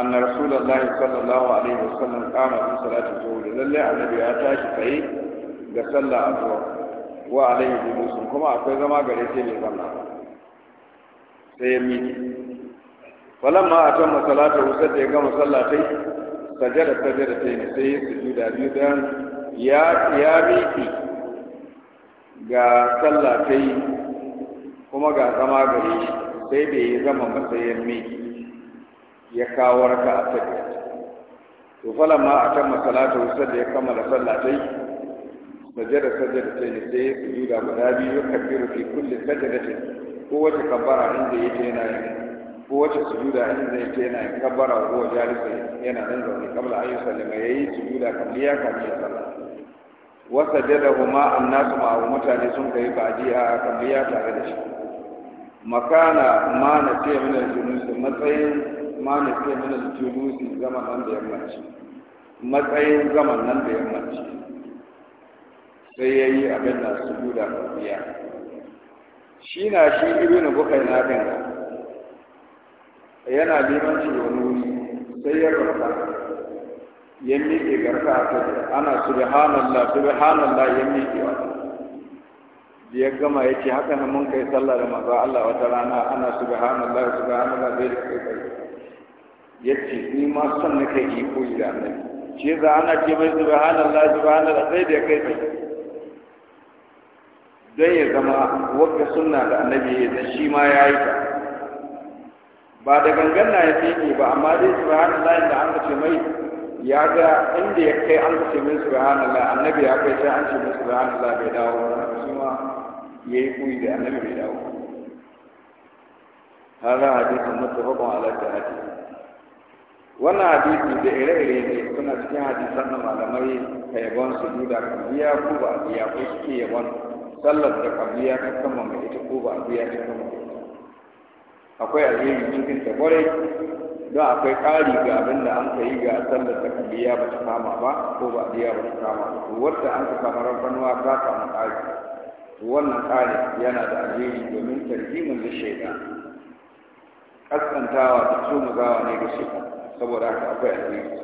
أن رسول الله صلى الله عليه وسلم قام في صلاة الظهر لله النبي أتاش سعيد صلى الظهر وعليه جلوس كما أقول زما قريتي لي sai ya miƙe falamma a can masalata wusar da ya gama sallatai sajada sajada ta yi sai ya sujuda biyu don ya ya ga sallah ta yi kuma ga zama gari, sai da ya zama matsayin miki ya kawo raka a tabi to ma a kan masalata wusa da ya kammala sallah ta yi sajada sajada ta yi sai ya sujuda guda biyu ya kabbiru fi kulle sajada ta kowace kabbara inda yake yana yin ko wace sujuda in zai ce yana kabbara ko jalisa yana nan zaune kabla an yusallama yayi sujuda kabliya kamar ya wasa wa kuma annasu ma mutane sun kai badiya kabliya tare da shi makana ma na ce mana al-junus matsayin ma na ce min al zaman nan da yammaci matsayin zaman nan da yammaci sai yayi abin da sujuda kabliya shi na shi ibnu bukai na kan yana shi wani wuri sai ya rasa ya miƙe garka a kai ana subhanallah subhanallah ya miƙe wa da ya gama ya ce haka na mun kai sallah da maza Allah wata rana ana subhanallah da zai da kai kai ya ce ni ma son na kai iko da annabi ce za ana ce mai subhanallah subhanallah sai da kai kai don ya zama wakka sunna da annabi ya shi ma ya yi ta ba da gangan na ya fiki ba amma dai layin da an ce mai ya ga inda ya kai an ce mai subhanallahi annabi ya kai sai an ce mai subhanallahi bai dawo ba ya yi kuyi da annabi bai dawo hada hadisin muttafaqun alaƙa hadisi wannan hadisi da ire-ire ne suna cikin hadisan na malamai ka yabon su duda kabiya ko ba a biya ko suke yabon sallar da kabiya ta kama mai ita ko ba a biya ta kama mai akwai alheri cikin ta kwarai don akwai ƙari ga abin da an ka yi ga sallar ta biya ba ta kama ba ko ba biya ba ta kama ba wadda an ka kama rafanuwa ta samu ƙari wannan ƙari yana da alheri domin tarjimin da shaida kaskantawa da gawa ne ga shi saboda haka akwai alheri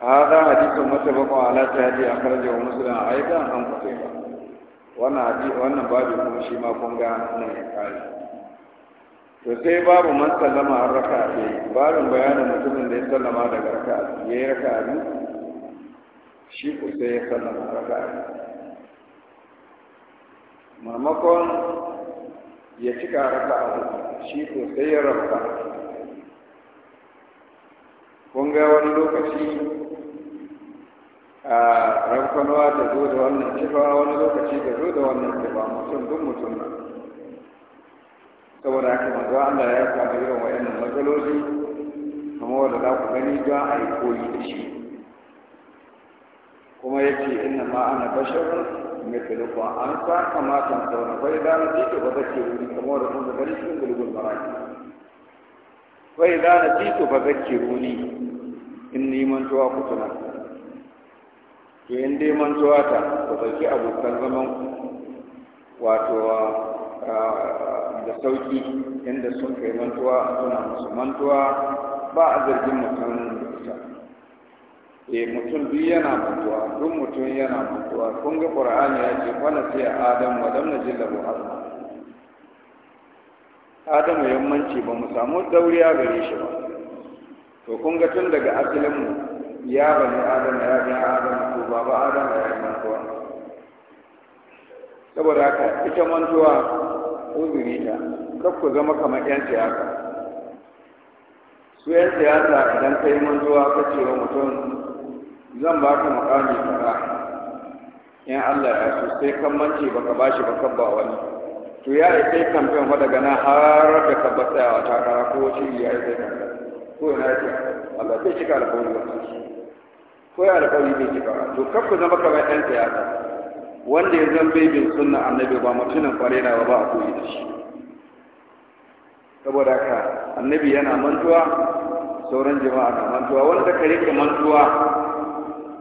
هذا حديث متفق على تهدي أخرجه مسلم أيضا أم قتيبة wannan hadisi wannan babu kuma shi ma kun ga nan ya kare to sai babu man sallama har raka ce babin bayanin mutumin da ya sallama daga raka ya yi raka ne shi ko sai ya sallama raka ne maimakon ya cika raka shi ko sai ya raka kun ga wani lokaci a rankwanuwa ta zo da wannan kifa wani lokaci da zo da wannan kifa mutum duk mutum na saboda haka manzo Allah ya samu irin wayannan matsaloli kuma wanda za ku gani za a yi koyi da shi kuma ya ce ina ma ana basharun mithlukum an sa kamatan sauna bai da na tito ba zake wuri kuma wadda sun gani sun gulgul maraki bai da na tito ba zake wuri in neman tuwa ku tunan to in dai zuwa ta ku a abokan zaman wato da sauƙi inda sun kai mantuwa suna musu mantuwa ba a zargin mutum da e mutum biyu yana mantuwa duk mutum yana mantuwa kun ga qur'ani ya ce kwana sai adam wa lam najid lahu azma adamu manci ba mu samu dauriya gare shi ba to kun ga tun daga asalin mu ya bani adam ya bi adam ko baba adam ya yi mantuwa saboda haka ita mantuwa uzuri ta kar ku zama kamar yan siyasa su yan siyasa idan ka yi mantuwa ka ce wa mutum zan ba ka mukami kaza Yan Allah ya so sai kan mance baka bashi baka ba wani to ya yi kai kamfen wadda daga nan har da ka batsayawa takara ko wacce iya yi kai kamfen ko ina ya Allah zai cika alƙawari ba ko ya alƙawari zai cika to kar ku zama kamar ɗan siyasa wanda ya zan bai bin sunna annabi ba mutumin kwarai na ba a koyi da shi saboda haka annabi yana mantuwa sauran jama'a na mantuwa wanda ka rike mantuwa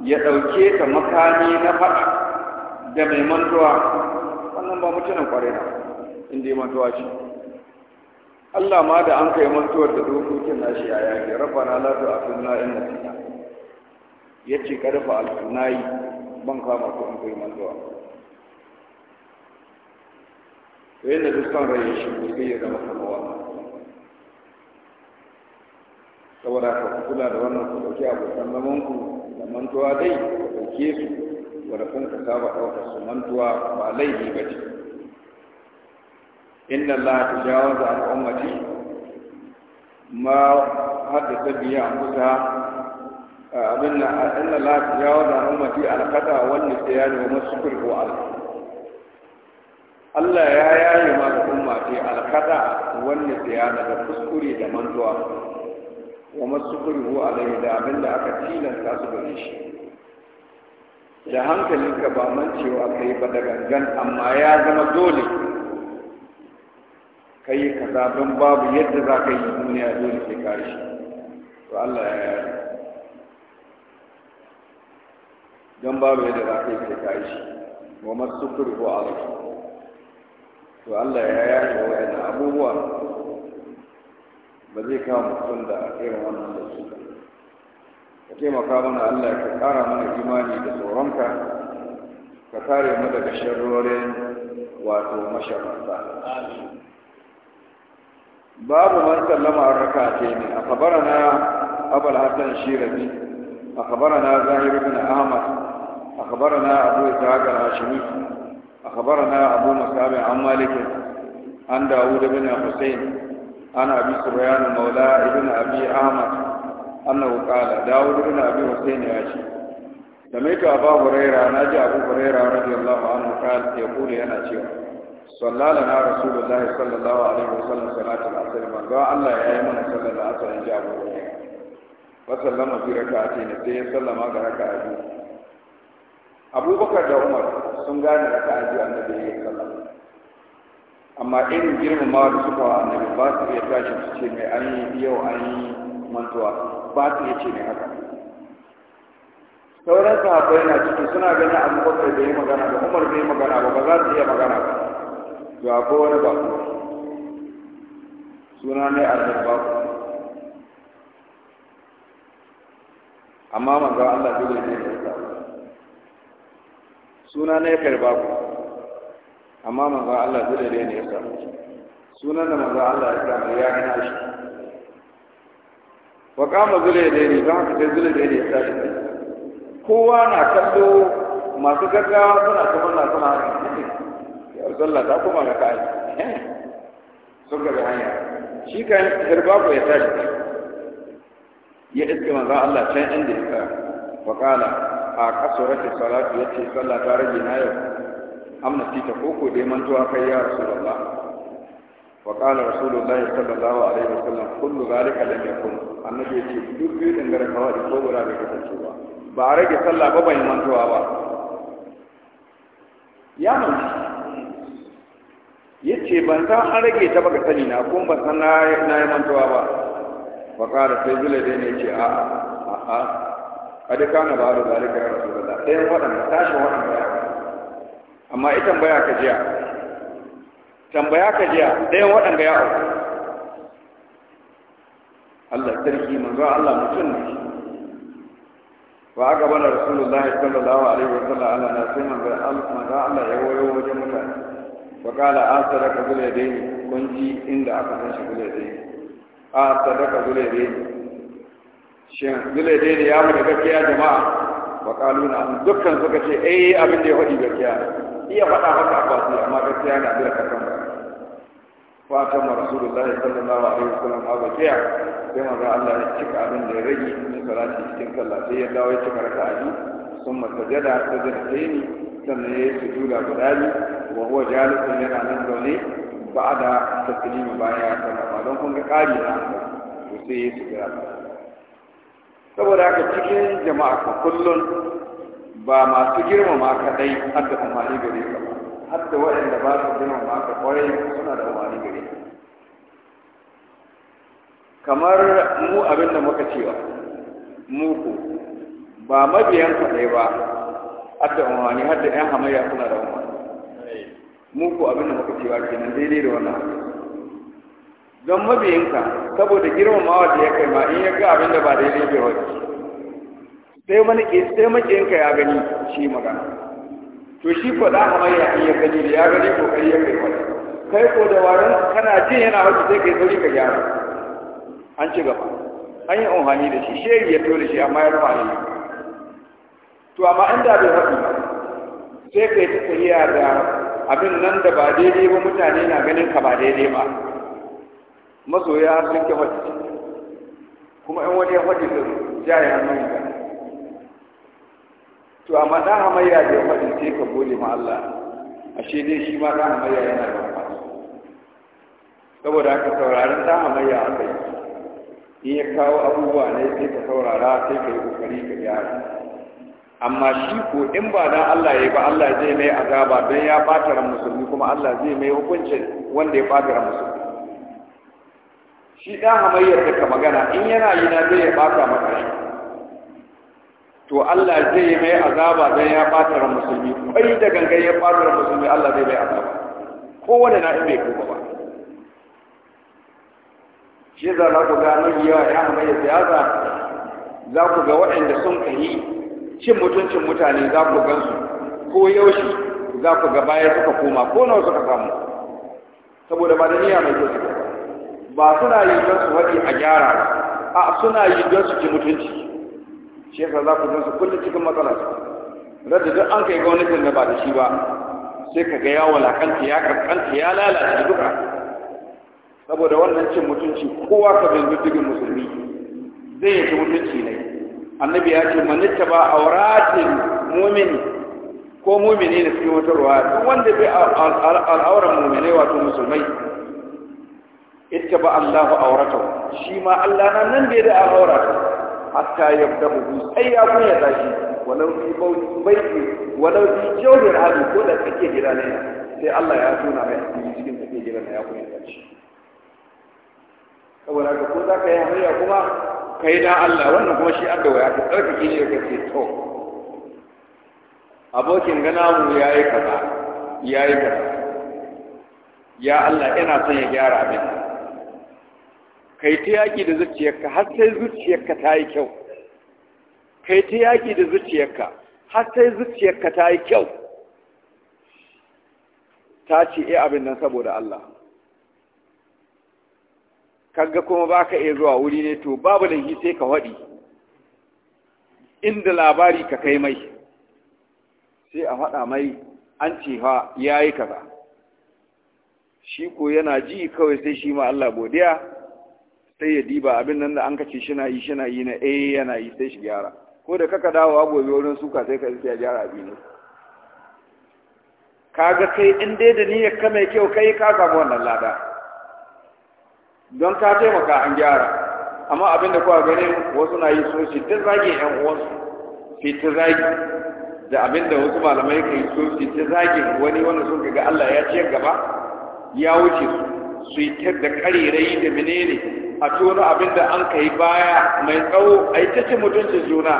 ya ɗauke ta makami na faɗa da mai mantuwa wannan ba mutumin kwarai na inda ya mantuwa ce Allah ma da an kai mantuwar da dokokin nashi ya yage rabbana la na in ya ce ka rufe alkunai ban kama ko an kai mantuwa to yadda duk son rai shi ko sai ya zama kamawa saboda ka kula da wannan ku dauki abokan zaman ku da mantuwa dai ka dauke su wadda kun ka saba ɗaukar su mantuwa ba laifi ba ce inna allaha tajawaza an ummati ma haddasa biya an kusa abinna inna allaha tajawaza an ummati alqata wal nisyan wa masukul wa al Allah ya yaye ma da umma ce alkada wanda tsaya da kuskure da mantuwa wa masukuru da abin da aka tilasta su gare shi da hankalinka ba mancewa kai ba da gangan amma ya zama dole ka yi kaza don babu yadda za ka yi duniya dole sai ka shi to Allah ya yare don babu yadda za ka yi sai ka shi wa masu kurbo a wasu to Allah ya yare wa wa'ina abubuwa ba zai kawo mutum da irin wannan da su ka taimaka mana Allah ka ƙara mana imani da tsoronka ka kare mu daga sharrorin wato masharanta babu man sallama an raka ce ne a kabara na abul hassan shirabi a kabara na zahir bin ahmad a kabara na abu ishaq al-hashimi a na abu musab an malik an dawud bin husayn an abi suryan maula ibn abi ahmad annahu qala dawud bin abi ya ce da mai naji abu hurairah radiyallahu anhu yana cewa sallala na rasulullahi sallallahu alaihi wasallam salatul asr manzo Allah ya yi mana sallar asr in ji Abu Hurairah wa sallama bi raka'atayn sai sallama ga raka'a biyu Abubakar da Umar sun gane raka'a biyu annabi ya sallama amma irin girmamawa da suka wa annabi ba su ya tashi su ce mai an yi yau an yi mantuwa ba su iya ce mai haka sauran sahabbai na ciki suna gani ganin abubakar bai yi magana ba umar bai yi magana ba ba za su iya magana ba to akwai wani ku? suna ne a ba ku amma maza Allah dole ne ya sa suna ne karba ku amma maza Allah dole ne ya sa Suna da maza Allah ya sa ya gina shi wa kama zule da ne ba ka sai zule da ne ya sa shi kowa na kallo masu gaggawa suna kuma na suna sallah ta koma ga ka'a eh, sun ga hanya shi kan ko ya tashi ya iske manzo Allah can inda ya tsaya fa a a rashin salatu yace sallah ta rage na yau amna ta koko dai mantuwa kai ya rasulullah fa qala rasulullahi sallallahu alaihi wasallam kullu zalika lam yakun annabi yace duk biyu dangare kawai da kobura da kasance ba ba rage sallah ba ban mantuwa ba ya mantuwa yace ban san an rage ta baka sani na kuma ban san na yi mantuwa ba fa kada sai zule dai ne yace a a a kada kana ba da zalika ya rasulullah sai wadanda tashi wadanda ya amma ita tambaya ka jiya tambaya ka jiya ɗayan waɗanda ya auku Allah sarki manzo Allah mutum ne wa aka bana rasulullahi sallallahu alaihi wa sallam Allah na sai manzo Allah ya wayo wajen mutane fa qala asaraka zul yadayni kun ji inda aka san shi zul yadayni asaraka zul yadayni shin zul yadayni ya mu da gaskiya jama'a fa qalu na dukkan suka ce eh abin ya faɗi gaskiya iya faɗa maka abbasi amma gaskiya na da kakan ba fatan rasulullahi sallallahu alaihi wasallam a bakiya sai maza Allah ya abin da ya rage na salati cikin sallah sai ya dawo ya cika raka'a biyu sun masajada sajada sai ni sannan ya yi sujuda guda biyu wa huwa jalisun yana nan zaune ba da taslima baya ya ba don kun ga kari na to sai ya yi sujuda saboda haka cikin jama'a ka kullun ba masu girmama kaɗai har da umarni gare ka ba har da waɗanda ba su girmama ka kwarai suna da umarni gare ka kamar mu abin da muka cewa mu ba mabiyan kaɗai ba hadda umarni hadda yan hamayya suna da umarni mu ko abin da muka cewa kenan daidai da wannan don mabiyinka saboda girmamawa da ya kai ma in ya ga abin da ba daidai bai wani sai mana ke sai makiyinka ya gani shi magana to shi ko da hamayya in ya gani da ya gani kai ya kai wani kai ko da waran kana jin yana wasu sai kai sauri ka gyara an ci gaba an yi umarni da shi sheri ya tole shi amma ya rufa ne to amma an da bai haɗu sai kai ta tsayiya da abin nan da ba daidai ba mutane na ganin ka ba daidai ba masoya sun ke haɗu kuma in wani ya faɗi da jaye hannun ka to amma ɗan hamayya da ya haɗu sai ka gode ma Allah ashe dai shi ma ɗan hamayya yana da faɗi saboda haka saurarin ɗan hamayya aka yi in ya kawo abubuwa ne sai ka saurara sai ka yi ƙoƙari ka gyara amma shi ko in ba dan Allah ya ba Allah zai mai azaba don ya bata ran musulmi kuma Allah zai mai hukuncin wanda ya bata ran musulmi shi dan hamayyar da ka magana in yana yi na zai bata maka shi to Allah zai mai azaba don ya bata ran musulmi kai da gangan ya bata ran musulmi Allah zai mai azaba ko wanda na ibe ko ba shi za ku ga mai yawa ya hamayyar da za ku ga waɗanda sun kai cin mutuncin mutane za ku gansu ko yaushe za ku ga baya suka koma ko nawa suka samu saboda ba da niyya mai kyau suka ba suna yi don su haɗi a gyara a suna yi don su ci mutunci shi yasa za ku gansu kullum cikin matsala radda duk an kai gwamnatin da ba da shi ba sai ka ga ya walakanta ya karkanta ya lalace duka saboda wannan cin mutunci kowa ka bin diddigin musulmi zai yi mutunci ne annabi ya ce manitta ba auratin mumini ko mumini ne cikin wata ruwa duk wanda bai al'auran muminai wato musulmai ita ba Allahu auratahu shi ma Allah na nan bai da al'aurata hatta yabda mu sai ya kunya tashi walau fi bauti baiti walau fi jawhir hadu ko da kake gida ne sai Allah ya tona mai asiri cikin kake gida ne ya kunya tashi saboda ko za ka yi hanya kuma kai da Allah wannan kuma shi adda ya ta tsarki shi ka ce to abokin gana mu yayi kaza yayi kaza ya Allah ina son ya gyara min kai ta yaki da zuciyarka har sai zuciyarka ta yi kyau kai ta yaki da zuciyarka har sai zuciyarka ta yi kyau ta ce eh abin nan saboda Allah kaga kuma ba ka iya zuwa wuri ne to babu laifi sai ka waɗi inda labari ka kai mai sai a faɗa mai an ce ha ya yi kaza shi ko yana ji kawai sai shi ma Allah godiya sai ya diba abin nan da an kace shi na yi shi na yi na eh yana yi sai shi gyara ko da kaka dawowa gobe wurin suka sai ka ya gyara abin ne kaga kai in dai da niyyar ka mai kyau kai ka samu wannan lada don ka taimaka an gyara amma abin da kuwa ganin wasu na yi sun shi ta zage yan uwansu fi ta zage da abin da wasu malamai kai sun shi ta zage wani wanda sun ga Allah ya ce gaba ya wuce su su yi ta da karirai da menene a tono abin da an kai baya mai tsawo a yi ta ce mutuncin juna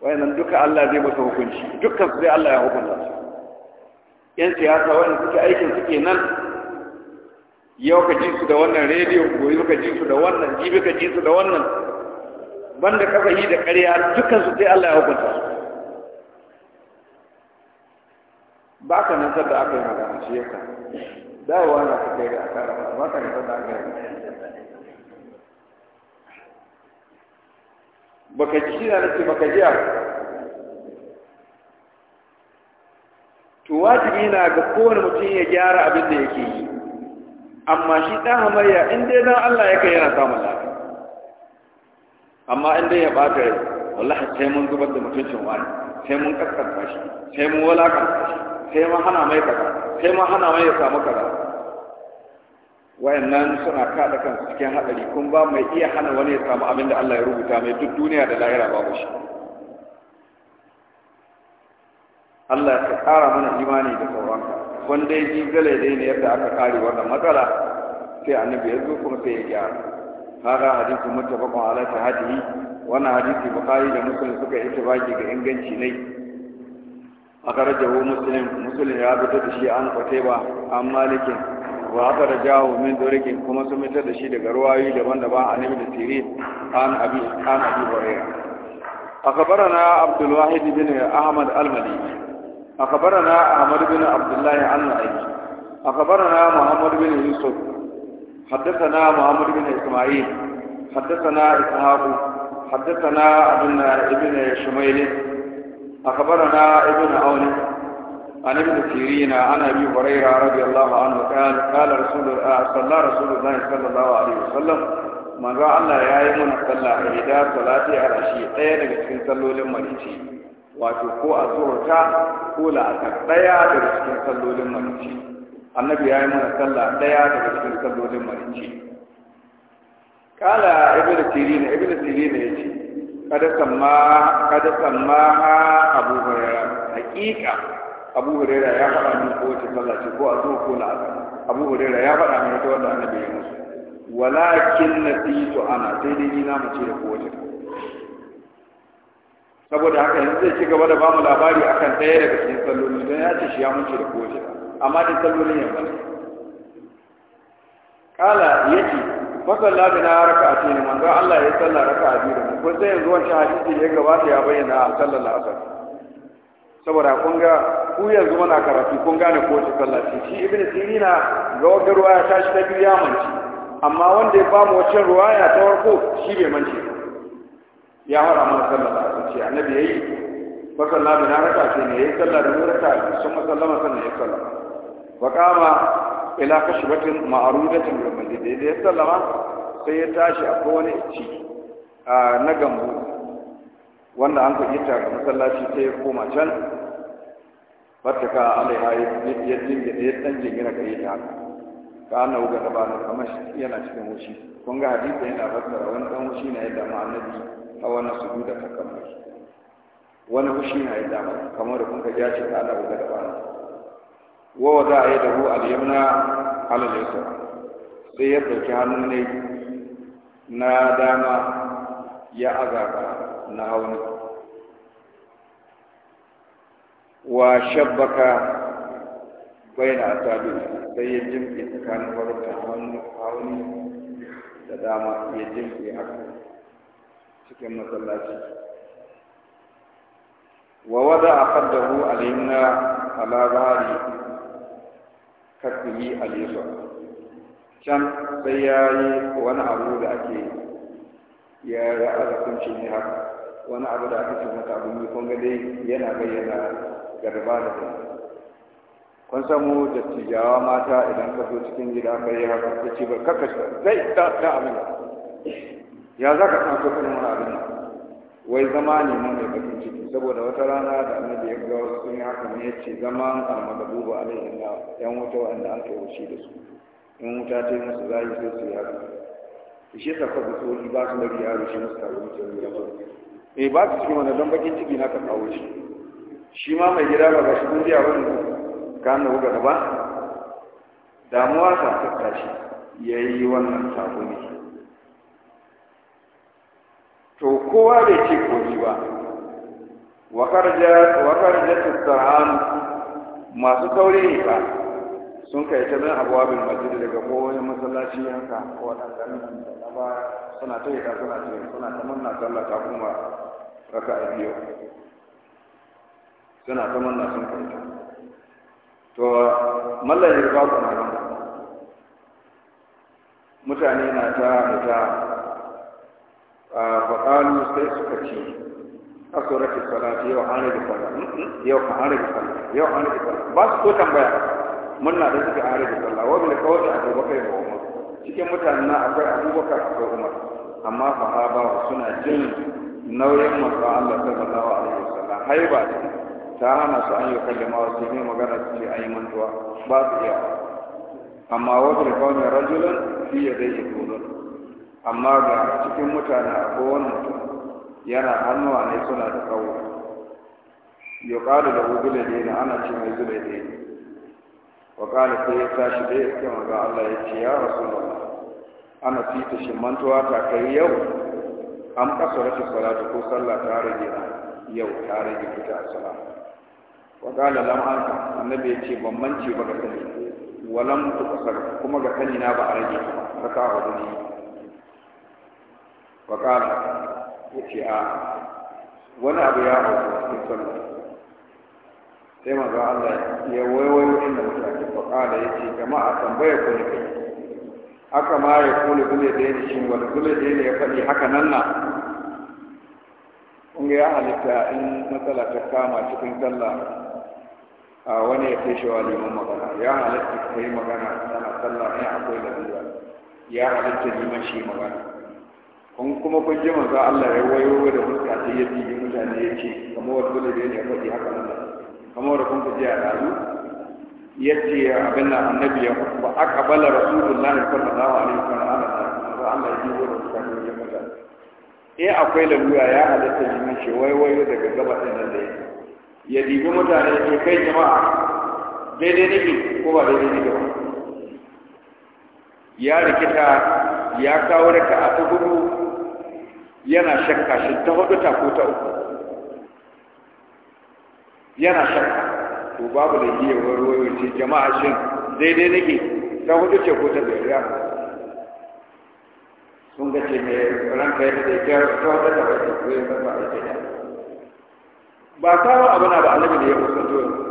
wayannan duka Allah zai masa hukunci dukkan su zai Allah ya hukunta su yan siyasa wayanda suke aikin suke nan yau ka ji su da wannan rediyo goyi ka ji su da wannan jibi ka ji su da wannan banda kafa yi da ƙarya dukkan su sai Allah ya hukunta su ba ka nan da aka yi magana shi yaka dawowa na ta kai da aka rama ba ka nan da aka yi baka ji shi na nake baka ji to wajibi na ga kowane mutum ya gyara abin da yake yi amma shi ɗan hamayya in dai dan Allah ya kai yana samun lafi amma in dai ya ɓata rai wallahi sai mun zubar da mutuncin wani sai mun kaskanta shi sai mun walakanta shi sai mun hana mai kaza sai mun hana mai ya samu kaza wayannan suna kaɗa kansu cikin haɗari kun ba mai iya hana wani ya samu abin da Allah ya rubuta mai duk duniya da lahira babu shi Allah ya ƙara mana imani da sauran tsoronka wanda ya ji gale dai ne yadda aka kare wannan matsala sai annabi ya zo kuma sai ya gyara haka hadisi bakon ala tahdihi wannan hadisi bukhari da musulun suka yi tabaki ga inganci ne akarajahu musulun musulun ya fita da shi an ba an malikin wa aka jawo min dorikin kuma sun mutar da shi daga ruwayoyi daban-daban a nabi da siri an abi an abi hurairah أخبرنا عبد الواحد بن أحمد المديني أخبرنا أحمد بن عبد الله عن نعيم أخبرنا محمد بن يوسف حدثنا محمد بن إسماعيل حدثنا إسحاق حدثنا ابن ابن شميل أخبرنا ابن عون عن ابن سيرين عن أبي هريرة رضي الله عنه قال قال رسول الله صلى رسول الله صلى الله عليه وسلم من رأى الله يا يمن صلى إحدى صلاة العشي أين بتكون صلوا للمريتين wato ko a zuwarta ko la'asar ɗaya daga cikin sallolin marici annabi ya yi mana sallah ɗaya daga cikin sallolin marici kala ibn sirina ibn sirina ya ce kada samma kada samma abu hurairah haƙiƙa abu hurairah ya faɗa min ko wace sallah ce ko a zuwa ko la'asar abu hurairah ya faɗa min ta wanda annabi ya musu walakin nasitu ana sai dai ni na ce da kowace sallah saboda haka yanzu zai ci gaba da bamu labari akan ɗaya daga cikin salloli don ya ce shi ya mutu da kowace amma da sallolin yamma ne kala ya ce fasalla bi na raka a cikin manzo Allah ya salla raka a biyu da mu kun sai yanzu wancan hadisi da ya gabata ya bayyana a sallar la'asar saboda kun ga ku yanzu muna karatu kun gane ko sallah ce shi ibnu sirina ga wata ruwa ya tashi ta biyu ya manci amma wanda ya bamu wacce ruwa ya ta farko shi bai manci ya fara mana sallar ce annabi yayi fa sallah bi raka ce ne yayi sallah da mu raka sun sallama sannan yayi sallah wa qama ila kashbatin ma'rudatin bil masjid da ya sallama sai ya tashi a kowane ci na gambo wanda an ka ta ga masallaci sai ya koma can fataka alaiha ya jingina ya dan jingina yi ta haka ka ana wuga ba na kamar yana cikin wushi kun ga hadisi yana fassara wani dan wushi na yadda ma annabi a wannan sujuda ta kammai wani fushi na yi dama kamar da kuka ka ja ce ta Allah ga da bana wa za a yi da hu al-yamna al-yusra sai ya dauki hannu ne na dama ya azaba na hauni wa shabbaka baina atabi sai ya jimke tsakanin wurin hauni da dama ya jimke haka cikin masallaci wa wada a faddahu alayna ala bari kakkuyi alaysa can sai ya yi wani abu da ake ya ra'aza kunci ne haka wani abu da aka ce mata abin yi kun yana bayyana garba da ta? kun samu tijawa mata idan ka zo cikin gida ka yi haka Ka ce ba kaka zai ta abin ya za ka san kusurin wani abin wai zama ne mun mai bakin ciki saboda wata rana da annabi ya ga wasu sun yi haka ne ya ce zama almagabu ba laifin na yan wuta wanda an kai wuce da su in wuta ta yi musu zai sai su yi haka shi ta ka ga tsoli ba su bari da shi musu kawo mutum ya ba eh ba su cikin wanda don bakin ciki na ka kawo shi shi ma mai gida ba ga shi kun biya wani ka na wuga ba damuwa ta tattashi ya yi wannan sabo ne to kowa bai ce komi ba wakar jatus sarhan masu kaure ne ba sun kai ta bin abuwabin masjid daga kowane masallaci yanka waɗanda na ba suna ta yi suna ta yi suna ta manna sallah ta kuma raka a biyu suna ta manna sun kwanta to mallan yarba kuma nan mutane na ta da فقالوا سيسكتي suka ce asurati salati yau an rage sallah yau an rage sallah yau an rage sallah ba su ko tambaya mun na da suka an rage sallah abubakar da umar cikin mutanen na akwai abubakar ko umar amma sahaba suna jin nauyin manzo Allah sallallahu alaihi wasallam haiba ta hana su an yi kallama wasu ne magana su yi ba su iya amma fi amma ga cikin mutane a wani mutum yana hannuwa ne suna da tsawo ya ƙalu da hudule ne na ana ce mai zule ne wa ƙalu sai ya tashi da ya ce maza Allah ya ce ya rasu da ana fita shi mantuwa ta kai yau an ƙasa rashin salatu ko sallah ta rage yau ta rage fita a sala wa ƙalu lam ka annabi ya ce ban mance ba ga sani walam tukasar kuma ga sani na ba a rage ba ka kawo ne faƙara ya ce a wani abu ya hau cikin sallah sai manzo Allah ya waiwayo inda mutane faƙara ya ce jama'a tambaya ku ne kai haka ma ya kula gule da yana shi wani gule da yana ya faɗi haka nan na kun ya halitta in matsala ta kama cikin sallah a wani ya kai shawa liman magana ya halitta ka yi magana tana sallah in akwai lalura ya halitta liman shi magana kun kuma kun ji manzo Allah ya wayo da mutane sai ya bibi mutane ya ce kamar wata dole da ya faɗi haka nan kamar da kun ku ji a dalu ya ce abin nan annabi ya ba bala rasulullahi sallallahu alaihi sallam ala manzo Allah ya biyo da mutane ya faɗa eh akwai lalura ya halatta mun ce wayo daga gaba din nan da ya dibi mutane ya kai jama'a daidai nake ko ba daidai nake ba ya rikita ya kawo raka a ta hudu yana shakka shi ta hudu ta ko ta uku yana shakka to babu da iya warwayo ce jama'a shin daidai nake ta hudu ce ko ta biyar sun ga ce mai ranka yadda da kyar ta hudu ta hudu ko ya zama a ita ba kawo abu na ba annabi da ya kusanto yanzu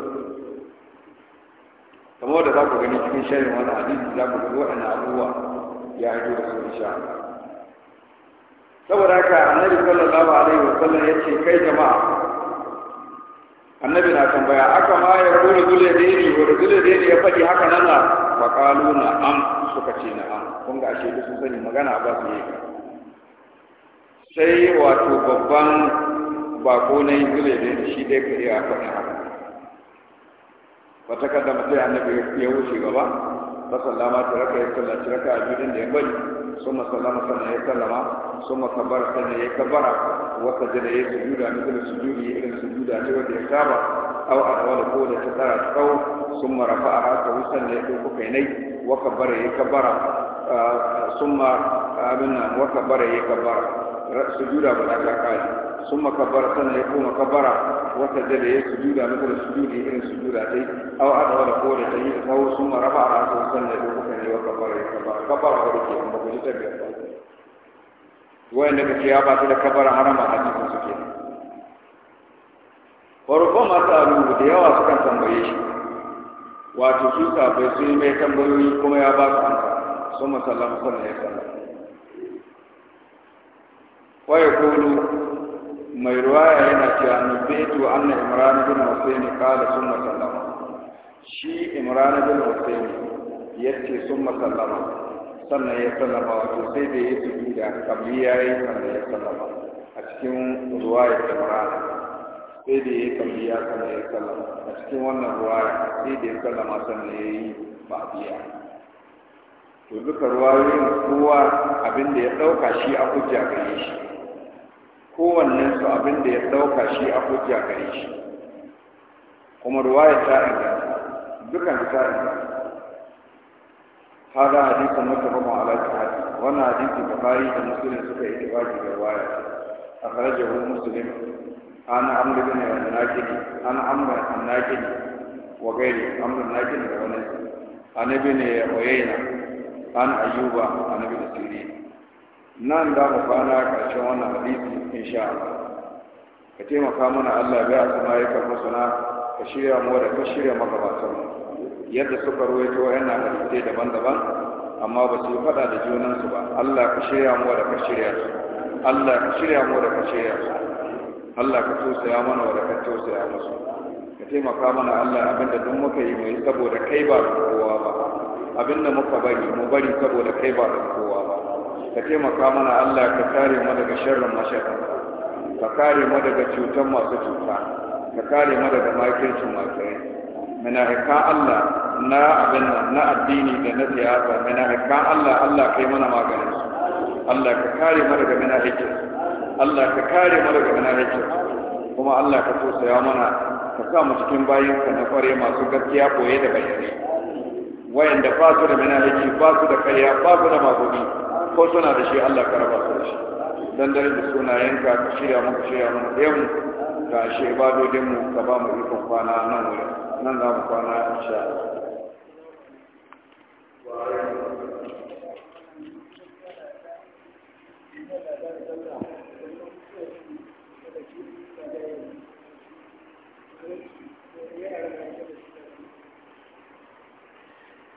kamar da za ku gani cikin shirin wani hadisi za ku ga waɗannan abubuwa ya haɗu da su sha saboda haka annabi sallallahu alaihi sallam ya ce kai jama'a annabi na tambaya aka ma ya kula zule dini wanda zule dini ya faɗi haka nan na fa qalu na am suka ce na am kun ga ashe duk sun sani magana ba su yi sai wato babban bako na yin zule dini shi dai ka iya faɗi haka wata kada mutum annabi ya wuce gaba masallama ta raka ya sallaci raka a biyun da ya bari sun masallama sannan ya sallama sun makabara sannan ya kabara wata jada ya sujuda mutum sujudi irin sujuda ce wanda ya saba au a dawala ko da ta tsara tsawo sun marafa a haka wusan da ya ɗauko kainai wa kabara ya kabara sun ma abin nan wa kabara ya kabara sujuda ba za ta kare sun makabara sannan ya koma makabara wata da ya sujuda na kuma sujudi irin sujuda dai aw a wala ko da yi da kawo sun maraba a rasu ne ya kuka ne wa kabara ya kabara kabara ko ke amma ku ji ta biyar ba wayan da ke ya ba su da kabara harama a cikin su ke farko masu alu da yawa sukan tambaye shi wato su sabai sun yi mai tambayoyi kuma ya ba su amsa sun masallama ne ya sallama waya kulu mai ruwaya yana cewa nubaitu anna imran bin husaini qala summa sallama shi imran bin husaini yace summa sallama sannan ya sallama wato sai da ya tudu da kabli yayi ya sallama a cikin ruwaya da ya sallama a cikin wannan ruwaya sai da ya sallama sannan ya yi ba'diya to duka ruwayoyin kowa abin da ya ɗauka shi a hujja gare shi kowannen su abin da ya dauka shi a hujja gare shi kuma ruwaya ta inda dukan ta inda hada hadisin mutafaqun ala sahih wannan hadisin bukhari da muslim suka yi tawaki da ruwaya akhrajahu muslim an amr ibn al-nakid an amr al-nakid wa ghairi amr al-nakid da wani an ibn uyayna an ayyuba an ibn sirin nan da mu fara ƙarshen wannan hadisi insha Allah ka taimaka mana Allah bai asma ya kan ka shirya mu da ka shirya batun yadda suka ruwaito yana dace daban-daban amma ba su faɗa da junansu ba Allah ka shirya mu da ka shirya su Allah ka shirya mu da ka shirya su Allah ka tausaya mana wa da ka tausaya musu ka taimaka mana Allah abinda duk muka yi mu yi saboda kai ba kowa ba abinda muka bari mu bari saboda kai ba kowa ka taimaka mana Allah ka kare mu daga sharrin mashaka ka kare mu daga cutar masu cuta ka kare mu daga makirci masu rai minahika Allah na abin nan na addini da na siyasa minahika Allah Allah kai mana maganin Allah ka kare mu daga minahikin Allah ka kare mu daga minahikin kuma Allah ka tausaya mana ka sa mu cikin bayanka na kware masu gaskiya koye da bayanai wayanda ba su da minahiki ba su da karya ba su da magudi ko suna da shi Allah ka raba su da shi dan dare da sunayenka ka shirya mu ka shirya mu da mu ka shi ibadodin mu ka ba mu ikon kwana nan wuri nan za mu kwana insha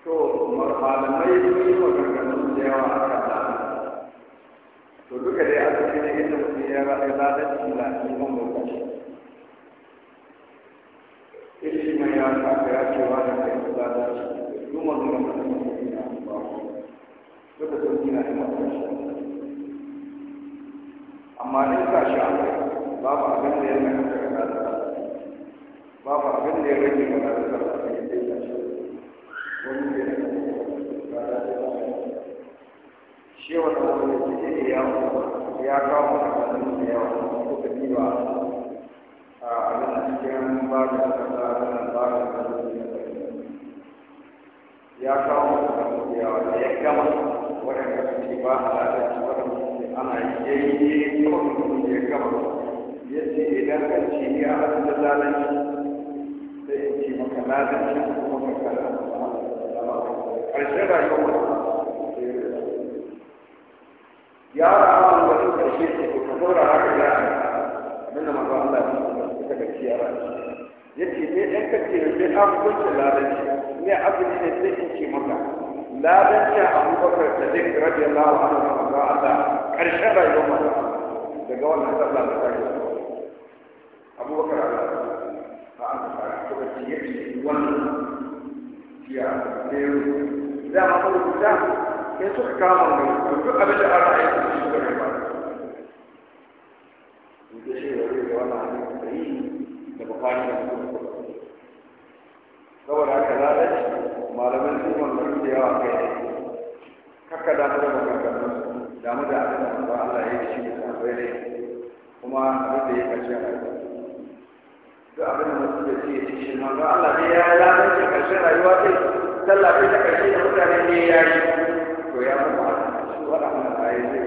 to malamai sun yi maganganun da yawa a kan to duka dai arziki ne inda mutum ya rayu ladanci na neman lokaci ilimi mai ya saka ya ce wa da kai ladanci duma zuwa mana mutum ya ba duka sauki na neman amma ne sa shi an kai babu abin da ya rage ga ladanci babu abin da ya rage ga ladanci da ya ce wani ne da ya rage ga ladanci shi wani wani cikin ya ya kawo matakan da yawa ko ka diba a nan cikin ba da kasa da ba da kasa ya kawo matakan da yawa da ya gama waɗanda ba a lalaci waɗanda suke ana yi ya yi kawai ya gama ya ce idan ka ce ni a hannun da sai in ce maka kuma ka يا رب وإن توفيقك وكفور هكذا من ما قال الله تكفي يا رب يتي ne ɗan kake da sai an kunce ladanci ne abin ne sai in ce maka ladanci a abubakar da duk radiyallahu anhu da manzo Allah karshen rayuwar manzo daga wannan sallah da ta yi abubakar Allah ba an fara kuma ci yake wannan ya ne da ma kuma in suka kama mai duk abin da ba shi da zai wannan hannun da yi da da saboda haka da yawa kai da damu da abin da Allah ya yi shi da ne kuma abin da ya a rayuwa duk abin da mutum Allah ne ya karshen rayuwa ɗin sallah karshe da mutane ne ya yi ಇಲ್ಲಿ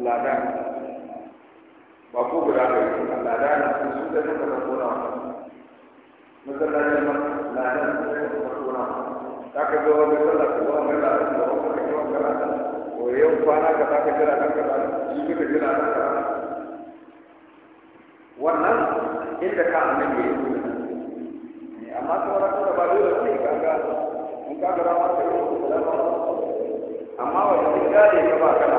ladan ba ko guda da yake ladan sun su da suka kona ma ladan sun da suka kona Ta ka zo wani sallah ka zo wani ladan da wani ka yi wani ladan ko yau kwana ka za ka jira kan kaza shi ka jira kan kaza wannan inda ka ne ya yi amma sauran da ba dole sai ka ga in ka ga rama ka yi amma wani gane ka ba kana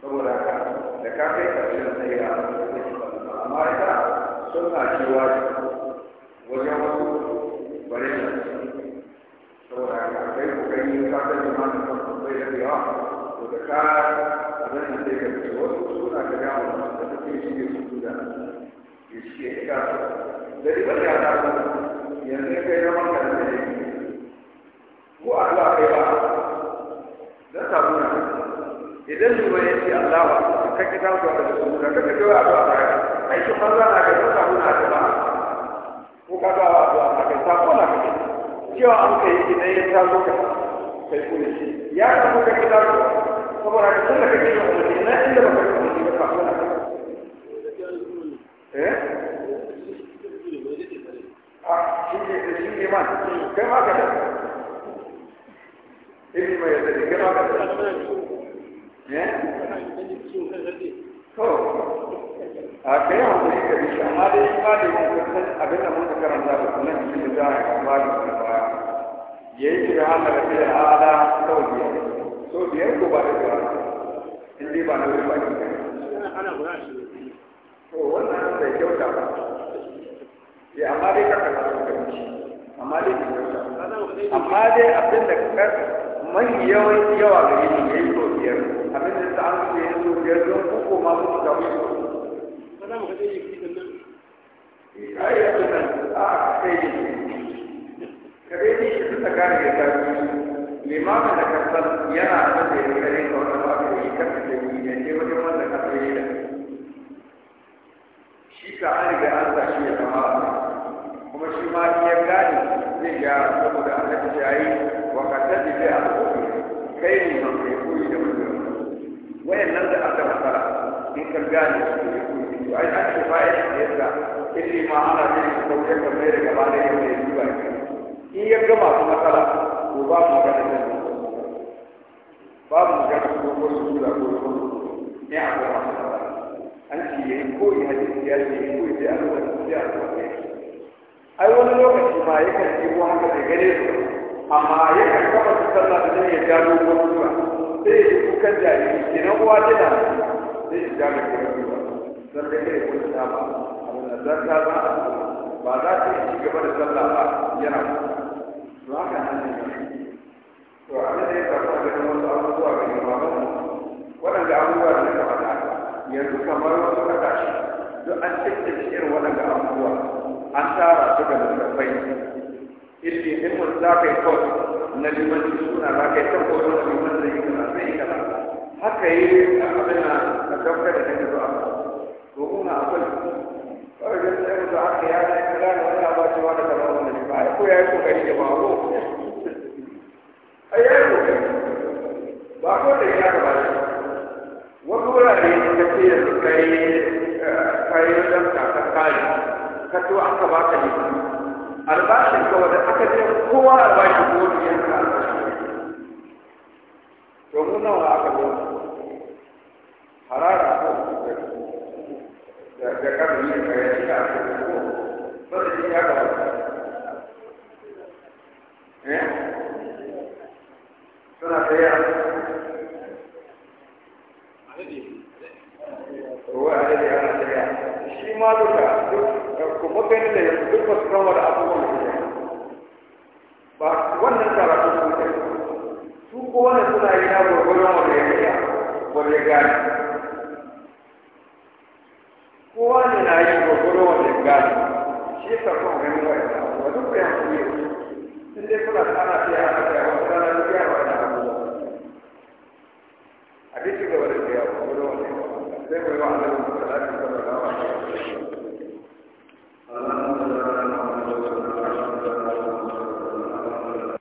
saboda ka da ka kai karshen tsaya amma ita suna ce wajibi wajen wasu bare da saboda ka kai kokari ka kai jama'a da bai da yawa to da ka abin da zai gaske wasu suna ga yawa da take shi ne su da shi ke ka da ribar ya ta yanzu kai zama ka da ne ko Allah kai ba dan sabuna idan zuwa ya ce Allah ba ka kira su da su da ka kira a zuwa baya aikin banza na ga duka mun haka ba ko ka ga a ka ta ko na kake cewa an kai ne ya ta zo ka kai kula shi ya ka mu ka kira su saboda ka san da kake da wani na inda ba ka kula shi ka fara eh a ah, shi ne shi ne ma kai ma ka da ibn mai da kai ka da Eh? a kai hankali ka bi shi amma dai ba da yin kusan abin da muka karanta da sunan shi da za a ba da kuma baya ya yi shi hana da fiye a ala sau biyar so biyar ko ba da biyar in dai ba na wuri ba ne to wannan da kyauta ba ya eh, amma dai ka bi amma dai amma dai abin da karkata mai yawanci yawa ga yi ne yi so biyar abin da ta an ya yi so biyar don koko ma su ga mu so ba a shi ya da kasar yana da da ya kare ka wani ba ka yi kasa da yi ne ne wajen wanda ka sai da shi ka an riga an sa ya kama kuma shi ma ya gane zai gyara saboda annabi shayi wa kasar da a kofi kai ne ma mai koyi da wani wayannan da aka masara in ka gane su ne koyi to ai an ce bayan da yasa illi ma ana ne da sauƙin ka mai da gaba da yau ne zuwa in ya gama su matsala to ba mu ga da nan ba mu ga da ko ko su da ko ko ne a gaba an ce yayi koyi hadisi ya ce koyi da alƙawari da alƙawari ai wani lokaci ma yakan ɗigo haka bai gane su amma yakan kafa su sallah da zai ya gano wasu ba sai ya ji kukan jariri kenan uwa tana sai ya gano kukan ba don da kai kun ta ba abin da zan ta ba ba za ta yi gaba da sallah ba yana to haka nan ne to a nan ya samu da wasu abubuwa ga ba. waɗanda abubuwa da suka faɗa yanzu kamar wasu ƙasashe duk an cikin irin waɗanda abubuwa an tara su da littattafai ilmi ilmin za ka yi kawai na limanci suna za ka yi na liman yi kaza zai yi kaza haka yi a abin na na dauka da kan zuwa to kuna akwai kawai da sai mutu haka ya ce kaza da wani abacewa da kaza wanda ne ba ko ya yi kokari da ko a yi yi kokari bako da ya gaba shi wasu wurare da ke da kai eh, kayan dan kasa ka to an ka baka ne albashin ka wanda aka ce kowa albashi ko ne yanka albashi to mu nawa aka zo harara ko da da kada ne ka yi ka ko ba da shi ya ga eh suna tsaya ruwa da ya ana shi ma duka duk kuma mutane da yanzu duk ba su san wani abubuwan da suke ba wannan karatu su kai su ko suna yi na gwargwaron wanda ya iya wanda ya na yi gwargwaron wanda ya shi yasa kuma ganin wa'ina wa duk da yanzu ne sun dai kuna tsana ta a kai wata rana duk ya wa'ina a duk da wani da ya ya gane sai mu yi wa'ina